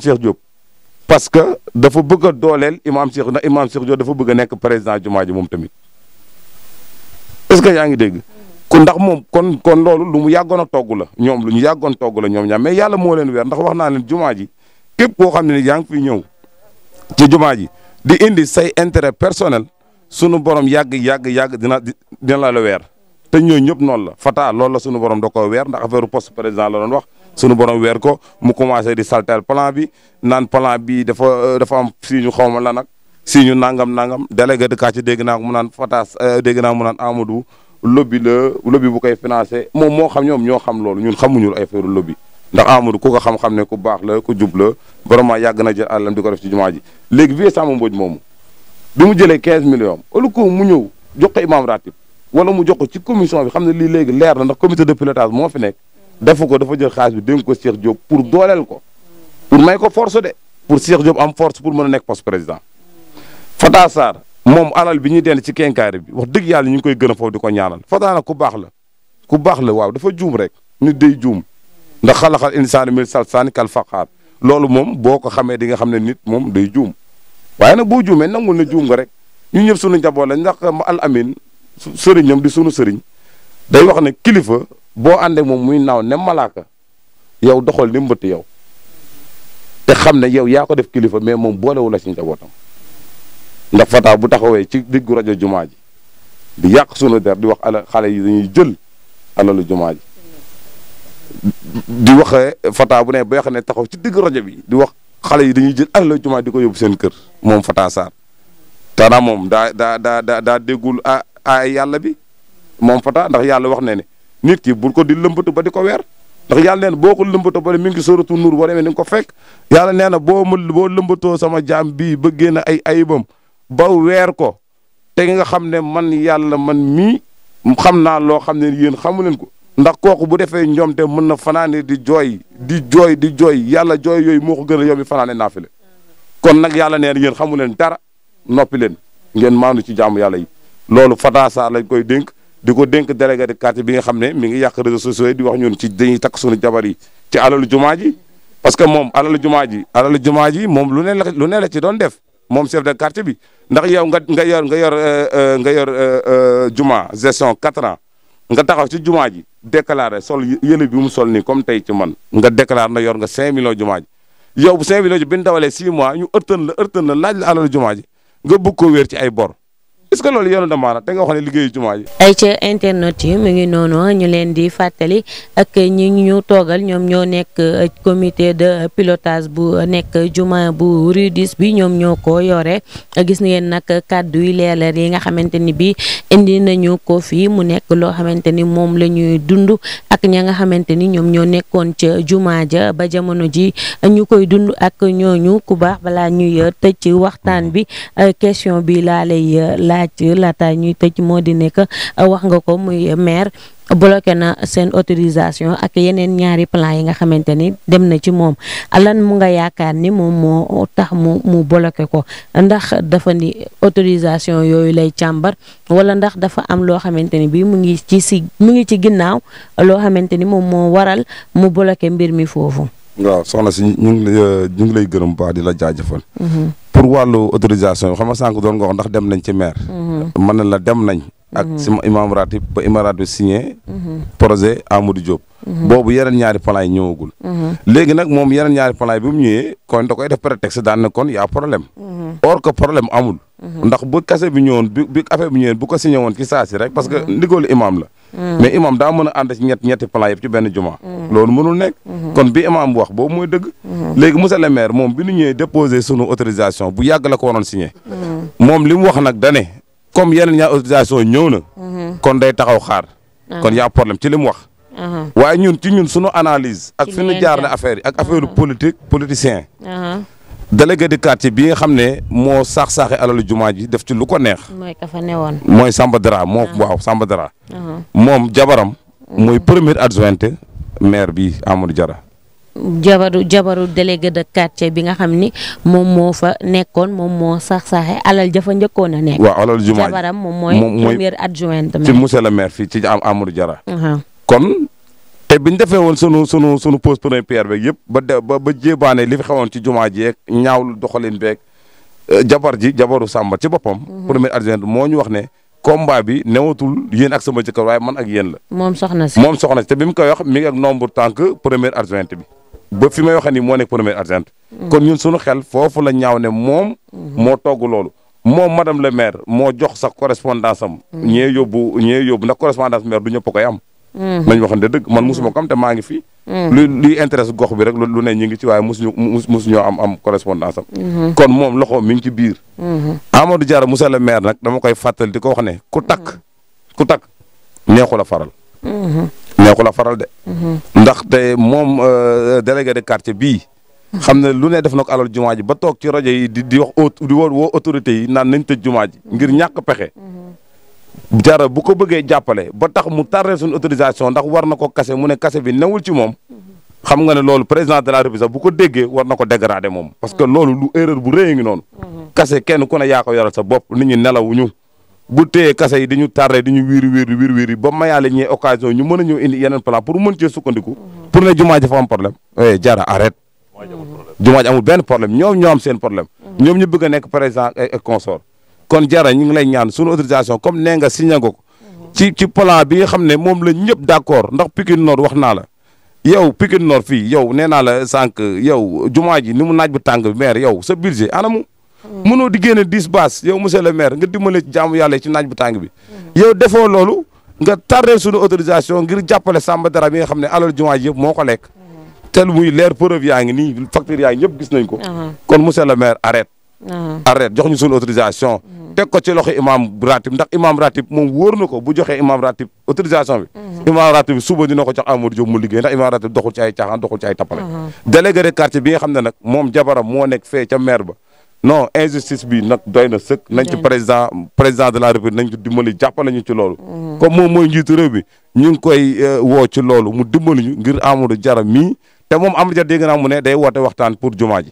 Speaker 2: Cheikh Diop parce que dafa bëgg dolel imam Cheikh na imam Cheikh Diop dafa bëgg président du ji tamit est-ce que yaangi ku ndax mom kon kon lolu lu mu la ñom lu ñu la mais yalla veux leen wër ndax wax Je fi ci di indi say intérêt personnel suñu borom yag yag dina la je te la Fata borom poste président la sunu borom weer ko mu commencé di saltel plan bi naan plan bi dafa dafa am si ñu xaw ma lan ak si ñu nangam nangam délégué de quartier dégg naa mu naan Fatas euh, dégg mu naan amadu lobby la lobby bu koy financé moom moo xam ñoom ñoo xam loolu ñun xamuñu ay affaire lobby ndax Amadou ku ko xam-xam ne ku baax la ku jub la vraiment yàgg na jël àllam di ko def ci jumaa ji léegi vie Samba Mbodj moomu bi mu jëlee 15 million ëllëg ko mu ñëw jox ko imam ratib wala mu jox bi xam ne lii léegi leer na ndax comité de pilotage fi nekk defu ko dafa jël xaalis bi dénk ko Cheikh Diop pour dooleel ko pour may ko force de pour Cheikh Diop am force pour mën a nekk poste président Fata Sarr moom alal bi ñuy dend ci kenkaari bi wax dëgg yàlla ñu ngi koy gën a foofu di ko ñaanal Fata nag ku baax la ku baax la waaw dafa juum rek nit day juum ndax xalaxal insaani mil salsaani kal faqaar loolu moom boo ko xamee di nga xam ne nit moom day juum waaye nag boo juumee nangul na juum nga rek ñu ñëpp sunu njaboot la ndax al amin sëriñam di sunu sëriñ day wax ne kilifa boo ànd moom muy naaw ne malaaka yow doxal ni mbëtt yow te xam ne yow yaa ko def kilifa mais moom boolewu la ci njabootam ndax Fata bu taxawee ci diggu rajo jumaa ji di yàq sunu der di wax ala xale yi dañuy jël alalu jumaa di wax Fata bu ne ba xam ne taxaw ci diggu rajo bi di wax xale yi dañuy jël alalu jumaa di ko yóbbu seen kër moom Fata Sarr tana moom daa daa daa daa déggul a yàlla bi moom Fata ndax yàlla wax ne ne nit ki bul ko di lëmbatu ba di ko weer ndax yàlla nee na boo ko lëmbatoo ba mi ngi sóoratu nuur boo demee ni ko fekk yàlla nee na boo ma boo lëmbatoo sama jaam bii ba génn ay ayibam ba weer ko te nga xam ne man yàlla man mi xam naa loo xam ne yéen xamu leen ko. ndax kooku bu defee ñoomte mën na fanaane di jooy di jooy di jooy yàlla jooy yooyu moo ko gën a yombi fanaane naafile kon nag yàlla nee na yéen xamu leen dara noppi leen ngeen maandu ci jaamu yàlla yi loolu fataasaa lañ koy dénk di ko dénk délégué de quartier bi nga xam ne mi ngi yàq réseaux sociaux yi di wax ñun ci dañuy takk suñu jabar yi ci alalu jumaa ji parce que moom alalu jumaa ji alalu jumaa ji moom lu ne la lu ne la ci doon def moom chef de quartier bi ndax yow nga nga yor nga yor euh, euh, nga yor euh, jumaa gestion quatre ans nga taxaw si jumaa ji déclaré sol yële bi mu sol nii comme tey ci man nga déclaré na yor nga cinq millions jumaa ji yow bu cinq millions ji bi ñu dawalee mois ñu ërtën la ërtën la laaj la alalu jumaa ji nga bëgg koo wéer ci ay bor est-ce que loolu yoonu damaana te nga wax ne liggéeyu jumaa ji ay
Speaker 6: ca internet yi mu ngi noonu ñu leen di fàttali ak ñi ñu toogal ñoom ñoo nekk uh, comité de pilotage bu nekk juma bu rudis bi ñoom ñoo ko yore gis ngeen nag kàddu yi leeral yi nga xamante ni bi indi nañu ko fii mu nekk loo xamante ni moom la ñuy dund ak ña nga xamante ni ñoom ñoo nekkoon ca jumaa ja ba jamono ji ñu koy dund ak ñooñu ku baax balaa ñuy uh, tëj ci waxtaan bi uh, question bi laa laaj laata ñuy tëj moo di nekk wax nga ko muy maire bloqué na seen autorisation ak yeneen ñaari plan yi nga xamante ni dem na ci moom lan mu nga yaakaar ni moom moo tax mu mu bloqué ko ndax dafa ni autorisation yooyu lay càmbar wala ndax dafa am loo xamante ni bii mu ngi ci si mu ngi ci ginnaaw loo xamante ni moom moo waral mu bloqué mbir mi foofu.
Speaker 2: waaw soxna si ñu ngi lay euh, ñu ngi lay gërëm baax di la jaajëfal. Mm-hmm. pour wàllu autorisation yi xam nga sànq doon nga wax ndax dem nañ ci maire.
Speaker 6: mën mm-hmm.
Speaker 2: na la dem nañ ak mhm. sama imam ratib ba imam ratib signé mhm. projet Amadou Diop mhm. bobu yeneen ñaari plan yi ñëwagul léegi nag moom yeneen ñaari plan yi bi mu ñëwee kon da koy def prétexte dan na kon y a problème or que problème amul ndax bu kase bi ñewon bi affaire bi ñëwoon bu ko signé won ci saa rek parce que ndigol imam la mais imam da mëna a ci ñet ñet plan yëpp ci ben juma lolu mënul nekk kon bi imam wax boobu mooy dëgg léegi monsieur le maire moom bi ñu ñëwee déposé sunu autorisation bu yag la ko waroon signé moom li mu wax nak dané comme yeneen ñaar autorisation ñëw na. Mhm. kon day taxaw xaar. Ah. kon y' a ci li mu wax. Mhm. waaye ñun ci ñun suñu analise ak fi ñu jaar na affaire yi ak mhm. affaire politique politicien. Uh-huh. délégué de quartier bi nga xam ne moo saax saaxi alalu jumaa ji def ci lu ko neex. mooy Samba dra moo uh-huh. waaw Samba Dara. Uh-huh. moom jabaram. mooy premier adjointe maire bi Amadou Diarra.
Speaker 6: jabaru jabaru délégué de quartier bi nga xam ni moom moo fa nekkoon moom moo sax saaxe alal jafa njëkkoon a nekk. waaw alal jumaa jabaram moom mooy. premier adjoint ci monsieur
Speaker 2: le maire fii ci am Amadou Diarra. Uh-huh. kon te biñ defee woon sunu sunu sunu pose première pierre beeg yëpp ba de ba jébaane li fi xewoon ci jumaa ji yeeg ñaawlu doxalin beeg euh, jabar ji jabaru Samba ci boppam. Uh-huh. premier adjoint moo ñu wax ne. combat bi newatul yéen ak sama jëkkër waaye man ak yéen la.
Speaker 6: moom soxna si moom
Speaker 2: soxna si te bi mu koy wax mi ngi nombre bi. ba fi may waxee ni moo nekk premier adjointe mm. kon ñun sunu xel foofu la ñaaw ne moom mm-hmm. moo togg loolu moom madame le maire moo jox sax correspondance am mm. ñee yóbbu ñee yóbbu ndax correspondance maire du ñëpp koy am mm-hmm. nañ waxante dëgg man mm-hmm. musuma ko te maa ngi fi lu luy intéresse gox bi rek lu ne ñu ngi ci waaye mus mosuñoo am am correspondance am kon moom loxo mi ngi ci biir Amadou Diarra monsieur le maire nag dama koy fàttali di ko wax ne ku takk ku takk neexu la faral neexu la faral de. Mhm. ndaxte moom euh, délégué de quartier bii. xam ne lu ne def na ko alal jumaa ji ba toog ci rajo yi di di wax au di woo autorité yi naan nañ tëj jumaa ji ngir ñàkk pexe. Mhm. jara bu ko bëggee jàppale ba tax mu tare suñu autorisation ndax war na ko kase mu ne kase bi newul ci moom. Mhm. xam nga ne loolu président de la République bu ko déggee war na ko dégradé moom. parce que loolu lu erreur bu rëy ngi noonu. kase kenn ku ne yaa ko yoral sa bopp nit ñi nelawuñu bu téyee kase yi di ñu tarre di ñu wiiri wiiri wiiri wiiri ba mayaale ñee occasion ñu mën a ñëw indi yeneen plan pour mën cee sukkandiku mhm. pour ne jumaa ji fa am problème eh jara arrête jumaa ji amul benn problème ñoom ñoo am seen problème mhm. ñoom ñu bëgg a nekk président et consort kon jara ñu ngi lay ñaan suñu autorisation comme nee nga signé nga ko mhm. ci ci bi nga xam ne moom la ñëpp d'accord ndax Pikine Nord wax naa la yow Pikine Nord fii yow nee naa la sànq yow jumaa ji ni mu naaj bu tàng maire yow sa budget anamu mënoo di génne dix baas yow monsieur le maire nga dimbale ci jaamu yàlla ci naaj bu tàng bi. yow defoo loolu nga tardé suñu autorisation ngir jàppale Samba Dara bi nga xam ne alal jumaa ji moo ko lekk. tel muy leer preuve yaa ngi nii facture yaa ngi ñëpp gis nañ ko. Uh-huh. kon monsieur le maire arrête. Uh-huh. arrête jox ñu suñu autorisation. Uh-huh. teg ko ci loxo imam ratib ndax imam ratib moom wóor na ko bu joxee imam ratib autorisation bi. imam ratib bi suba dina ko jox Amadou Diop mu liggéey ndax imam ratib doxul ci ay caaxaan doxul ci ay tappale. délégué de quartier bi nga xam ne nag moom jabaram moo nekk fee ca maire ba. non injustice bi nag doy na sëkk nañ ci président président de la république nañ ci dimbali jàppale ñu ci loolu. Mhm. comme moom mooy njiitu réew bi ñu ngi koy euh, woo ci loolu mu dimbali ñu ngir Amadou jara mii te moom Amadou Diarra dégg naa mu ne day woote waxtaan pour jumaaj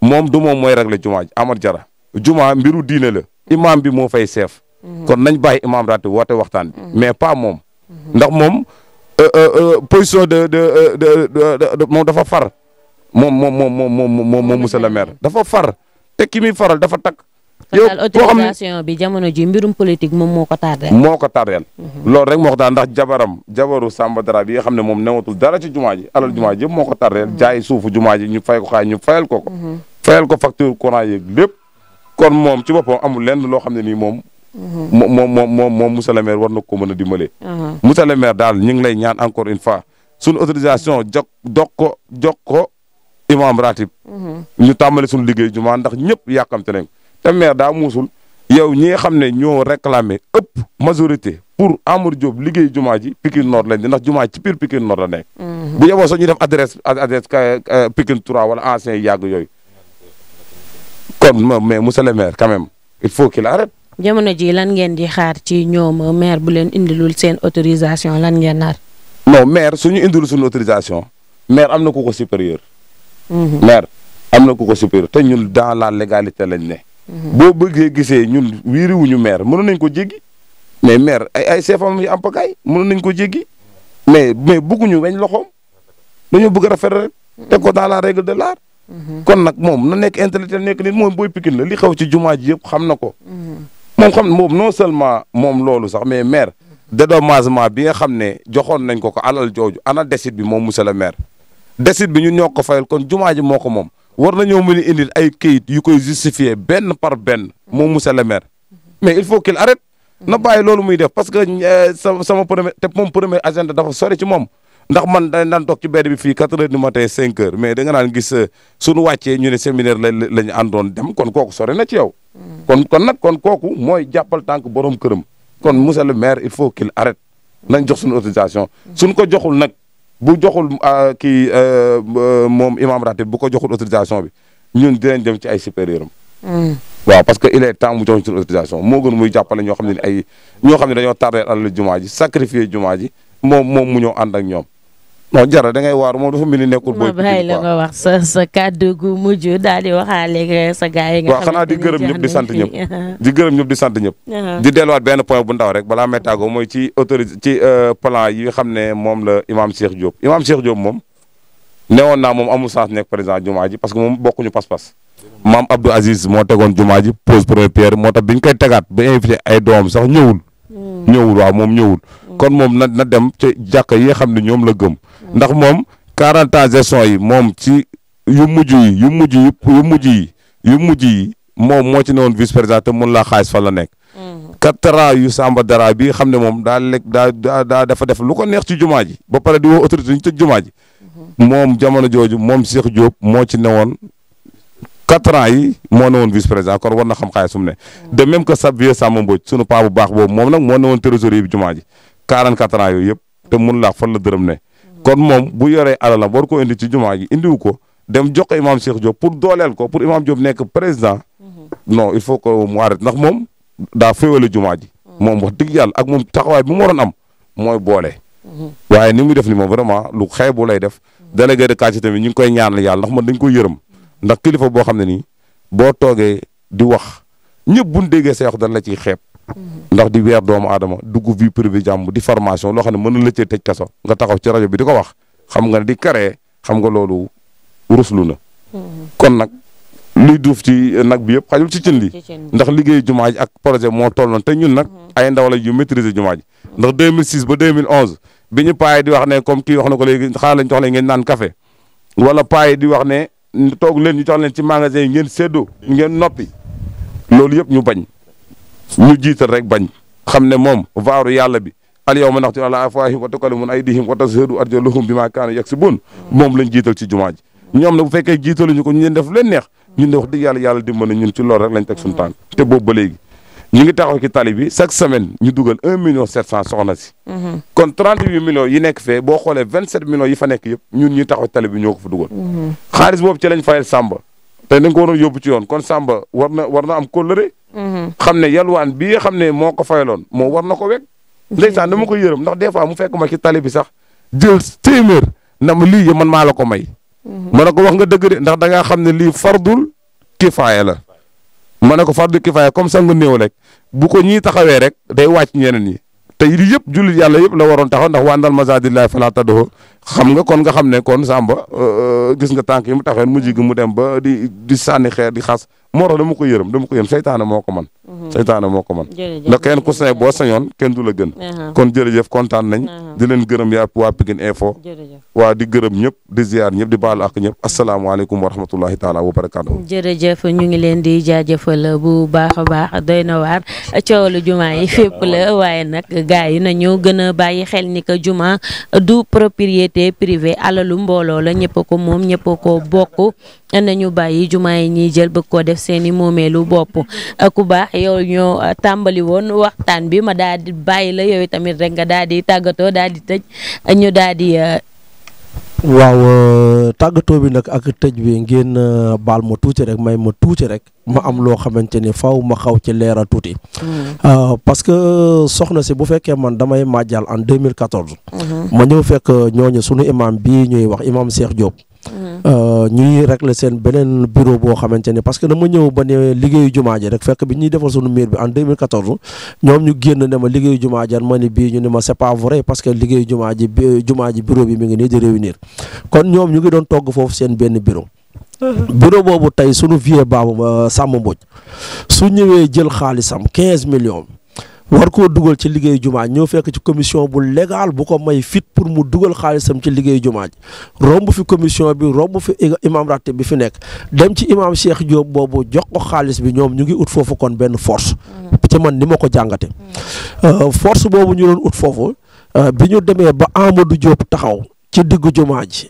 Speaker 2: moom du moom mooy régler jumaa ji Amadou Diarra jumaa mbiru diine la imaam bi moo fay seef. Mhm. kon nañ bàyyi imaam raati woote waxtaan bi. Mhm. mais pas moom. ndax moom euh, euh, position de de de de moom dafa far moom moom moom moom moom monsieur le maire dafa far. te ki faral dafa takk.
Speaker 6: yoo boo xam autorisation bi jamono ji mbirum politique moom moo ko tardé. moo
Speaker 2: ko tardé mhm. loolu rek moo ko tax jabaram jabaru Samba Dara bi nga xam ne moom newatul dara ci jumaa ji alal jumaa ji yëpp moo ko tardé mhm. jaay suufu jumaa ji ñu fay ko xaay ñu fayal ko ko. Mhm. fayal ko facture courant yeeg lépp kon moom ci boppam amul lenn loo xam ne nii moom.
Speaker 4: moom
Speaker 2: moom moom moom monsieur le maire war na ko mën a dimbale. Uh-huh. monsieur le maire daal ñu ngi lay ñaan encore une fois suñu autorisation jox dox ko jox ko. imaam ratib mhm. ñu tàmbali suñu liggéey jumaa ndax ñëpp yàkkamte nañ te maire daa muusul yow ñi nga xam ne ñoo réclamé ëpp majorité pour Amadou Diop liggéey jumaa ji Pikine Nord lañ di ndax jumaa ci biir Pikine Nord la nekk. Mhm. bu yeboo sax ñu def adresse adresse Pikine 3 wala ancien yàgg yooyu. kon mais monsieur le maire quand même il faut qu'il arrête.
Speaker 6: jamono ji lan ngeen di xaar ci ñoom maire bu leen indilul seen autorisation lan ngeen nar.
Speaker 2: non maire suñu indilul suñu autorisation maire am na ku ko supérieur. maire am na ko ko supérieur te ñun dans la légalité lañ ne. Mhm. boo bëggee gisee ñun wiiriwuñu maire mënoon nañ ko jéggi mais maire ay ay seefam yu am pagaay mënoon nañ ko jéggi mais mais bëgguñu weñ loxoom dañoo bëgg rafet rek teg ko dans la règle de l'art mhm. kon nag moom na nekk intellectuel nekk nit moom booy Pikine la li xaw ci jumaa ji yëpp xam na ko. moom xam moom non seulement moom loolu sax mais maire dédommagement bi nga xam ne joxoon nañ ko ko alal jooju ana desit bi moom monsieur le maire. desit bi ñun ñoo ko fayal kon jumaa ji moo ko moom war nañoo mën a indil ay kayit yu koy justifier benn par benn moom monsieur le maire mais il faut qu'il arrête na bàyyi loolu muy def parce que euh, sama sama premier moom premier agenda dafa sori ci moom ndax man dañ daan ci bedd bi fii quatre heures du matin cinq heures mais da nga naan euh, suñu wàccee ñu ne séminaire la la ñu àndoon dem kon kooku sori na ci yow. kon kon nag kon kooku mooy jàppal tànk borom këram kon monsieur le maire il faut qu'il arrête nañ jox suñu autorisation suñ ko joxul nag. bu joxul ah, kii euh, moom imam ratib bu ko joxul autorisation bi ñun dinañ dem ci ay supérieur am hmm. waaw parce que il est temps mu jox autorisation moo gën muy jàppale ñoo xam ne ay ñoo xam ne dañoo tardé àll jumaa ji sacrifié jumaa ji moom moom mu ñëw ànd ak ñoom non jara da ngay waar moom dafa mel ni nekkul. booy
Speaker 6: pikin la nga wax sa sa kàddu gu mujj daal di eh, sa gars yi xanaa di gërëm ñëpp di sant ñëpp. *laughs* Uh-huh.
Speaker 2: di gërëm ñëpp di sant ñëpp. di benn point bu ndaw rek balaa may tàggoo mooy ci autorité ci euh, plan yi xam ne moom la imaam Cheikh Diop imaam Cheikh Diop moom. newoon naa moom amul chance nekk président jumaa ji parce que moom bokkuñu pas-pas. maam Abdou Aziz moo tegoon jumaa ji pose première pierre moo tax biñ koy tegaat ba invité ay doom sax ñëwul. Hmm. ñëwul waa moom ñëwul. Hmm. kon moom na na dem ca jàkka yi xam ne ñoom la gëm ndax moom 40 ans gestion yi moom si yu mujj yi yu mujj yi yu mujj yi yu mujj yi moom moo ci newoon vice président te mun laa xaalis fa la nekk. katara mm-hmm. yu Samba Dara bi xam ne moom daa lekk daa daa dafa defa lu ko neex ci jumaa ji ba pare di woo autorité jumaa ji. Mm-hmm. moom jamono jooju moom Cheikh Diop moo ci newoon quatre ans yi moo newoon vice président kon war na xam xaalis mu ne. Mm-hmm. de même que sab vieux Samba Mbodj sunu paa baax boobu moom nag moo newoon trésorier bi jumaa ji quarante quatre ans yooyu yëpp te mun laa fan la dërëm ne. kon moom bu yoree alalam war ko indi ci jumaa ji indiwu ko dem jox ko imaam Cheikh Diop pour doolel ko pour imaam Diop nekk président mhm. non il faut que mu arrêté ndax moom daa féewale jumaa ji. Mhm. moom wax dëgg yàlla ak moom taxawaay bi mu waroon am mooy boole. Mhm. waaye ni muy def ni moom vraiment lu xeebu lay def. délégué de quartier tamit ñu ngi koy ñaanal yàlla ndax man dañ koy yërëm ndax kilifa boo xam ne nii boo toogee di wax ñëpp buñ déggee say wax dañ la ciy xeeb. ndax di weer doomu aadama dugg vie privée jàmm di formation loo xam ne mën na la cee tëj kaso nga taxaw ci rajo bi di ko wax xam nga di karee xam nga loolu ruslu na kon nag luy duuf ci nag bi yëpp xajul ci cin li ndax liggéey jumaa ak projet moo tol noonu te ñun nag mhm. ay ndaw la yu maîtriser jumaa ji ndax 2006 ba 2011 bi ñu paay di wax ne comme kii wax na ko léegi xaaral lañ jox leen ngeen naan café wala paay di wax ne toog leen ñu jox leen ci magasin ngeen séddoo ngeen noppi loolu yëpp ñu bañ ñu jiital rek bañ xam ne moom vaaru yàlla bi al yawma naxtimu alaa afwaahihim wa tukallimuna aydihim wa tashhadu arjuluhum bimaa kaanu yaksibuun moom lañ jiital ci jumaa ji ñoom nag bu fekkee jiitaluñu ñu leen def leen neex ñun de wax dëgg yàlla yàlla dimbali ñun ñu taxaw ci tali bi semaine ñu dugal un million sept cent soxna si mhm. kon trente huit millions yi nekk fee boo xoolee vingt sept millions yi fa nekk yëpp ñun ñuy taxaw ci tali bi ko fa dugal mhm. xaalis boobu ci lañ Samba te dañ war na war na am xam ne yalwaan bi nga xam ne moo ko fayaloon moo war na ko weg ndeysaan dama ko yërëm ndax des fois mu fekk ma ci tali bi sax jël téeméer na ma lii man maa la ko may. Mhm. ma ne ko wax nga dëgg de ndax da ngaa xam ne lii fardul kifaaya la. ma ne ko fardu kifaaya comme ça nga néew rek bu ko ñii taxawee rek day wàcc ñeneen ñi te yii yëpp jullit yàlla yëpp la waroon taxaw ndax wa annal masaajida lillaahi falaa tad'uu xam nga kon nga xam ne kon Samba euh, gis nga tànk yi mu taxeen mu gi mu dem ba di di sànni xeer di xas moo tax mu ko yërëm dama ko yërëm seytaane moo ko man mhm. seytaane moo ko man ndax kenn ku sañ boo sañoon kenn du la gën uh-huh. kon jërëjëf kontaan nañ uh-huh. di leen gërëm yaa waa Pikine Info waa di gërëm ñëpp di ziar ñëpp di baalu ak ñëpp asalaamaaleykum wa rahmatullahi taala wa barakaatu
Speaker 6: jërëjëf ñu ngi leen di jaajëfal bu baax a baax doy na waar a lu jumaa yi fépp la waaye nag gars yi nañu gën a bàyyi xel ni que juma du propriété société privée alalu mbooloo la ñëpp ko moom ñëpp ko bokk a nañu bàyyi jumaa yi ñuy jël bëgg koo def seen i moomeelu bopp ku baax yow ñoo tàmbali woon waxtaan bi ma daal di bàyyi la yooyu tamit rek nga daal di tàggatoo daal di tëj ñu daal
Speaker 5: waaw euh, tàggatoo bi nag ak tëj bi ngeen euh, baal ma tuuti rek may ma tuuti rek ma am loo xamante ni faw ma xaw ci leeral tuuti. Mm-hmm. Euh, parce que soxna si bu fekkee man damay màjjal en 2014. Mm-hmm. ma ñëw fekk ñooñu sunu imam bi ñuy wax imam Cheikh Diop. Euh, ñuy régler seen beneen bureau boo xamante ne parce que ma ñëw ba ne liggéeyu jumaa ji rek fekk bi ñuy defal suñu miir bi en 2014 ñoom ñu génn ne ma liggéeyu jumaa ji ma ne bii ñu ne ma c'est pas vrai parce que liggéeyu jumaa ji jumaa ji bureau bi mi ngi nii di réunir kon ñoom ñu ngi doon togg foofu seen benn bureau uh-huh. bureau boobu tey sunu vieux baabu euh, sàmm Mbodj su ñëwee jël xaalisam 15 millions war koo dugal ci liggéey jumaa ñoo fekk ci commission bu légal bu ko may fit pour mu dugal xaalisam ci liggéey jumaa ji romb fi commission bi romb fi imam ratib bi fi nekk dem ci imam Cheikh Diop boobu jox ko xaalis bi ñoom ñu ngi ut foofu kon benn force mm. ci man ni ma ko jàngate mm. euh, force boobu ñu doon ut foofu euh, bi ñu demee ba Amadou Diop taxaw ci diggu jumaa ji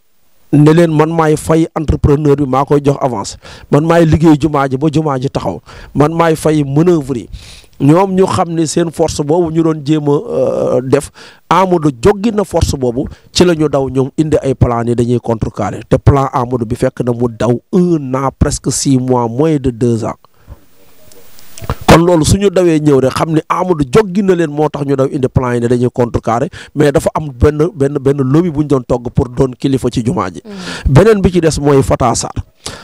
Speaker 5: ne leen man maay fay entrepreneur bi maa koy jox avance man maay liggéey jumaa ji ba jumaa ji taxaw man maay fay manoeuvre yi ñoom ñu xam ne seen force boobu ñu doon jéem a euh, def Amadou joggi na force boobu ci la ñu daw ñoom indi ay plan yi dañuy contrecarrer te plan Amadou bi fekk na mu daw un an presque six mois moins de deux ans kon loolu suñu dawee ñëw rek xam ni Amadou joggi na leen moo tax ñu daw indi plan yi ne dañuy contrecarrer mais dafa am benn benn benn lobby bu ñu doon togg pour doon kilifa ci jumaa ji mm. beneen bi ci des mooy Fata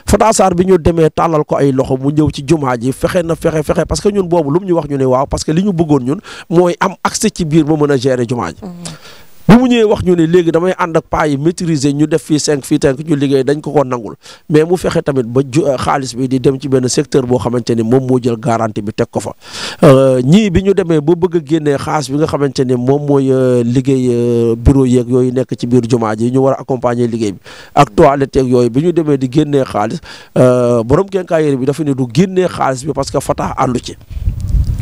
Speaker 5: Fata Sarr bi ñu demee tàllal ko ay loxo mu ñëw ci jumaa ji fexe na fexe fexe parce que ñun boobu lu mu ñu wax ñu ne waaw parce li ñu bëggoon ñun mooy am accès ci biir ba mën a gérer jumaa ji
Speaker 4: mm-hmm.
Speaker 5: bi mu ñëwee wax ñu ne léegi damay ànd ak paa yi ñu def fii cinq fii cinq ñu liggéey dañ ko ko nangul mais mu fexe tamit ba euh, xaalis bi di dem ci benn secteur boo xamante ni moom moo jël garantie bi teg ko fa euh, ñii bi ñu demee ba bëgg a génnee xaalis bi nga xamante ni moom mooy euh, liggéey bureau yeeg yooyu nekk ci biir jumaa ji ñu war a accompagner liggéey bi ak toilette yooyu bi ñu demee di génnee xaalis borom kenkaayéer bi dafa ne du génnee xaalis bi parce que Fata àndu ci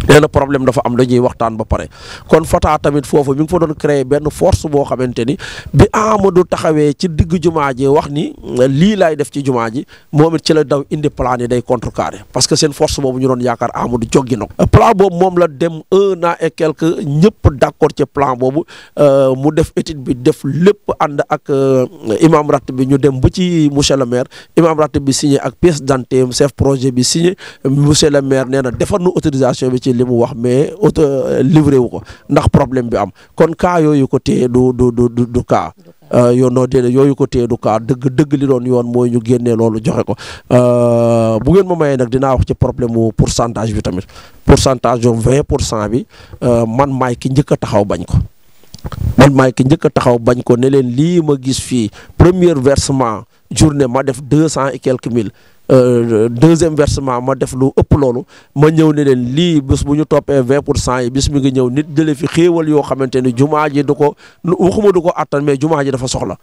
Speaker 5: nee na problème dafa am dañuy waxtaan ba pare kon Fata tamit foofu mi ngi fa doon créer benn force boo xamante ni bi Amadou taxawee ci digg jumaa ji wax ni lii laay def ci jumaa ji moom ci la daw indi plan yi day contrecarré parce que seen force boobu ñu doon yaakaar Amadou joggi na ko plan boobu moom la dem un an et quelque ñëpp d'accord ci plan boobu euh, mu def étude bi def lépp ànd ak euh, imam ratib bi ñu dem ba ci monsieur le maire imam rat bi signé ak pièce d'identité projet bi signé monsieur le maire nee na defar na autorisation bi ci li mu wax mais auto euh, livré wu ko ndax problème bi am kon cas yooyu ko téye du du du du cas euh, yoon noo yooyu ko téye du cas dëgg dëgg li doon yoon mooy ñu génnee loolu joxe ko euh, bu ngeen ma mayee nag dinaa wax ci problème mu pourcentage bi tamit centage yom vingt pour cent bi man maay ki njëkk a taxaw bañ ko man maay ki njëkk a taxaw bañ ko ne leen lii ma gis fii premier versement journée ma def deux cent et quelques mille Euh, deuxième versement ma def lu ëpp loolu ma ñëw ne leen lii bés bu ñu toppee vingt pour cent yi bis mi ngi ñëw nit jële fi xéewal yoo xamante ni jumaa ji du ko waxuma du ko attan mais jumaa ji dafa soxla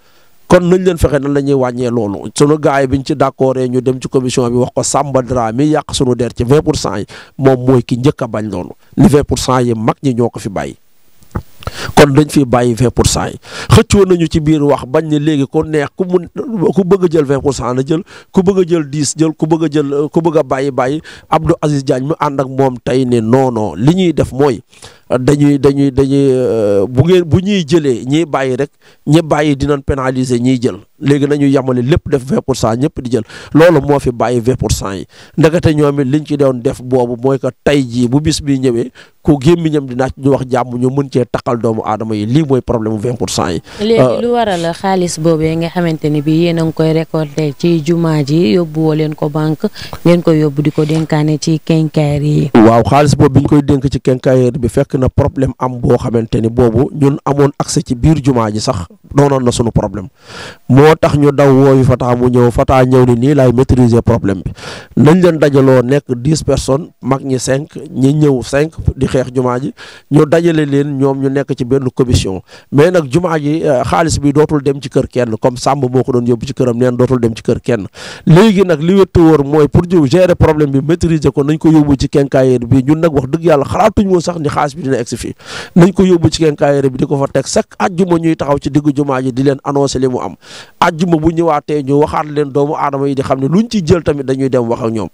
Speaker 5: kon nañ leen fexe nan la ñuy wàññee loolu sunu gars yi biñ ci d'accord ñu dem ci commission bi wax ko Samba Dra mi yàq sunu der ci vingt pour cent yi moom mooy ki njëkk a bañ loolu li vingt pour cent yi mag ñi ñoo ko fi bàyyi kon dañ fi bàyyi vingt pour cent yi xëccoo nañu ci biir wax bañ ni léegi ku neex ku mun ku bëgg jël vingt pour cent na jël ku bëgg a jël diis jël ku bëgg a jël ku bëgg a bàyyi bàyyi Abdou Aziz Diagne mu ànd ak moom tey ne non non li ñuy def mooy dañuy dañuy dañuy euh, bu ngeen bu ñuy jëlee ñi bàyyi rek ñi bàyyi dinañ pénaliser ñiy jël léegi nañu yamale lépp def 20 pour cent ñëpp di jël loolu moo fi bàyyi pour cent yi ndekete ñoom liñ ci doon def boobu mooy ko tey ji bu bis bi ñëwee ku gémmiñam dina ci wax jàmm ñu mën cee taqal doomu aadama yi lii mooy problème mu 20 pour cent yi. léegi euh, lu
Speaker 6: waral xaalis boobee nga xamante ni bii yéen a ngi koy récolté ci jumaa ji yóbbuwoo leen ko banque ngeen koy yóbbu di ko dénkaane ci kenkaayar yi. waaw
Speaker 5: xaalis boobu bi ñu koy fekk na problème am boo xamante ni boobu ñun amoon accès ci biir jumaa ji sax doonoon na sunu problème moo tax ñu daw wooyu Fata mu ñëw Fata ñëw ni nii laay maîtriser problème bi nañ leen dajaloo nekk dix personnes mag ñi cinq ñi ñëw cinq di xeex jumaa ji ñu dajale leen ñoom ñu nekk ci benn commission mais nag jumaa ji euh, xaalis bi dootul dem ci kër kenn comme Sàmb moo ko doon yóbbu ci këram neen dootul dem ci kër kenn léegi nag li wéttu wóor mooy pour ñu bi maîtriser ko nañ ko yóbbu ci kenkaayéer dina exi fi nañ ko yobbu ci ngeen kayere bi diko fa tek sak aljuma ñuy taxaw ci diggu juma ji di len annoncer limu am aljuma bu ñewate ñu waxat len doomu adama yi di xam luñ ci jël tamit dañuy dem wax ak ñom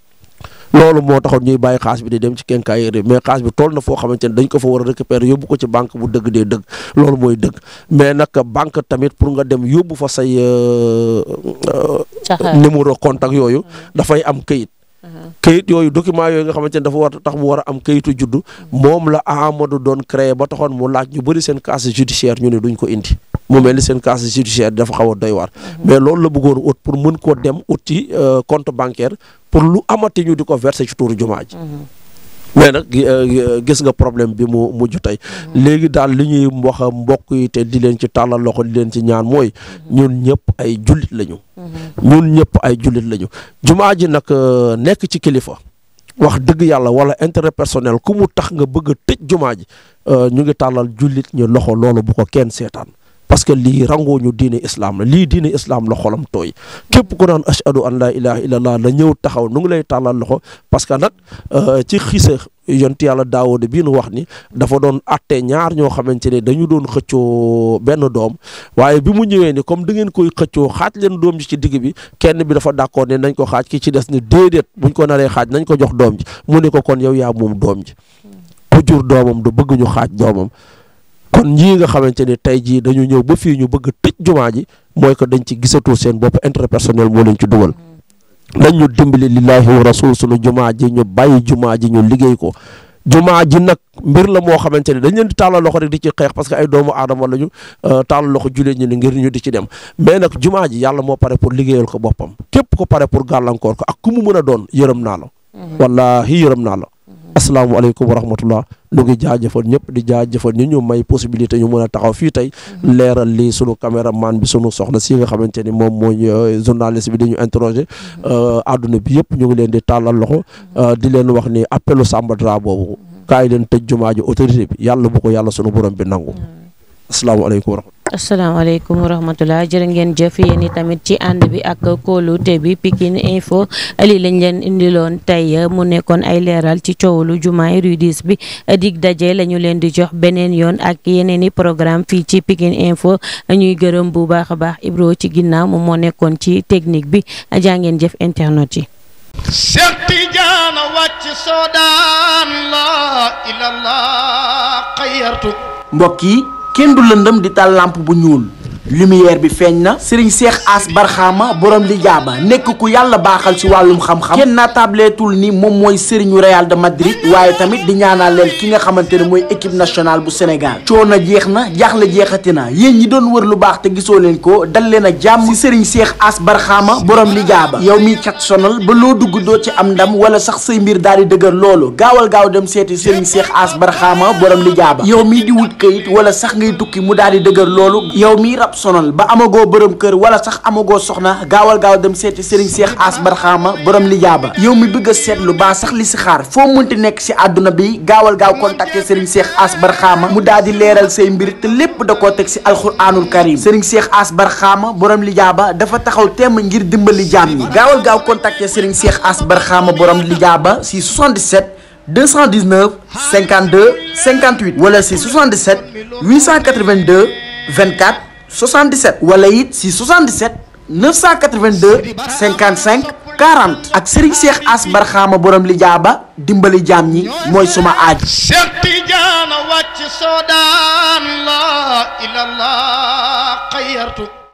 Speaker 5: lolu mo taxon ñuy baye xaas bi di dem ci kayere mais xaas bi tol na fo xamante dañ ko fa wara récupérer yobbu ko ci banque bu deug de deug lolu moy deug mais nak banque tamit pour nga dem yobbu fa say euh, euh, numéro contact mm-hmm. da fay am keuyit kayit yooyu document yooyu nga xamante ne dafa war tax mu war am kayitu juddu moom la Amadou doon créé ba taxoon mu laaj ñu bëri seen casier judiciaire ñu ne duñ ko indi mu mel ni seen casier judiciaire dafa xaw a doy war mhm. mais loolu la bëggoon ut pour mën koo dem ut ci euh, compte bancaire pour lu amati ñu di ko verser ci tuuru jumaa ji mhm. mais nag euh, euh, gis nga problème bi mu mujj tey mm-hmm. léegi daal li ñuy wax mbokk yi te di leen ci tàllal loxo di leen ci ñaan mooy mm-hmm. ñun ñëpp ay julit lañu. Mm-hmm. ñun ñëpp ay jullit lañu jumaa ji nag euh, nekk ci kilifa wax dëgg yàlla wala intérêt personnel ku mu tax nga bëgg a tëj jumaa ji ñu ngi tàllal julit ñu loxo loolu bu ko kenn seetaan. parce que lii rangoo ñu diine islam la lii diini islam la xolam tooy képp ku naan ashadu an laa ilaha illallah la ñëw taxaw nu ngi lay tàllal loxo parce que nag euh, ci xisa yonti yàlla daawode bii nu wax ni dafa doon atte ñaar ñoo xamante ne dañu doon xëccoo benn doom waaye bi mu ñëwee ni comme da ngeen koy xëccoo xaaj leen doom ji ci digg bi kenn bi dafa d'accord ne nañ ko xaaj ki ci des ni déedéet buñ ko naree xaaj nañ ko jox doom ji mu ne ko kon yow yaa moom doom ji ku doomam du bëgg xaaj doomam kon ñii nga xamante ni tey jii dañu ñëw ba fii ñu bëgg tëj jumaa ji mooy que dañ ci gisatul seen bopp intérêt personnel moo leen ci dugal mm-hmm. nañ ñu dimbali lillahi wa rasul sunu jumaa ji ñu bàyyi jumaa ji ñu liggéey ko jumaa ji nag mbir la moo xamante ni dañ leen di tàllal loxo rek di ci xeex parce que ay doomu aadama lañu euh, tàllal loxo julee ñu ni ngir ñu di ci dem mais nag jumaa ji yàlla moo pare pour liggéeyal ko boppam képp ko pare pour gàllankoor ko ak ku mu mën a doon yërëm naa la mm-hmm. wallaahi yërëm naa la mm-hmm. asalaamualeykum wa rahmatullah ñu ngi jaajëfal ñëpp di jaajëfal ñu ñu may possibilité ñu mën a taxaw fii tey mhm. leeral lii sunu caméraman bi sunu soxna si nga xamante ni moom mooy euh, journaliste bi di dañu interroger mhm. euh, àdduna bi yëpp ñu ngi leen di tàllal loxo mhm. euh, di leen wax ni appelu Samba Dra boobu kaay leen tëj jumaa ji autorité bi yàlla bu ko yàlla sunu borom bi nangu asalaamaaleykum wa rahmatulah.
Speaker 6: asalaamaaleykum ngeen jëf yéen i tamit ci ànd bi ak kóolute bi Pikine Info ali lañ leen indiloon tey mu nekkoon ay leeral ci coowlu jumaay rue 10 bi dig daje la ñu leen di jox beneen yoon ak yeneeni i programme fii ci Pikine Info ñuy gërëm bu baax a baax Ibro ci ginnaaw moom moo nekkoon ci technique bi jaa ngeen jëf internet yi.
Speaker 3: Cheikh Tidiane wàcc soodaan la ilallah xayartu yi kenn du lëndëm di taal làmp bu ñuul lumière bi feeñ na sëriñ seex as barxaama borom li jaaba nekk ku yàlla baaxal ci wàllum xam-xam kenn naa tableetul ni moom mooy sëriñu Real de Madrid waaye tamit di ñaanal leen ki nga xamante ne mooy équipe national bu Sénégal coono jeex na jaaxle jeexati na yéen ñi doon wër lu baax te gisoo leen ko dal leen a jàmm sëriñ seex as barxaama borom li jaaba yow mi caq sonal ba loo dugg doo ci am ndam wala sax say mbir daal di dëgër loolu gaawal gaaw dem seeti sëriñ seex as barxaama borom li jaaba yow mii di wut wala sax ngay tukki mu daal di dëgër loolu dab sonal ba amagoo borom kër wala sax amagoo soxna gaawal gaaw dem seeti Serigne Cheikh Ass Barxaama borom ba yow mi bëgg a seetlu baa sax li si xaar foo mun ti nekk si àdduna bi gaawal gaaw contacter Serigne Cheikh Ass Barxaama mu daal di leeral say mbir te lépp koo teg si alxuraanul karim Serigne Cheikh Ass Barxaama borom lijaaba dafa taxaw temm ngir dimbali jaam ñi gaawal gaaw contacter Serigne Cheikh Ass Barxaama borom lijaaba si 77 219 52 58 wala si 77 882 24 77. wala it si 77 982 55 40 ak Serigne Cheikh As Barxaama borom li jaaba dimbali jaam ñi mooy suma aaj. Cheikh Tidiane wàcc soo la ilallah xayartu.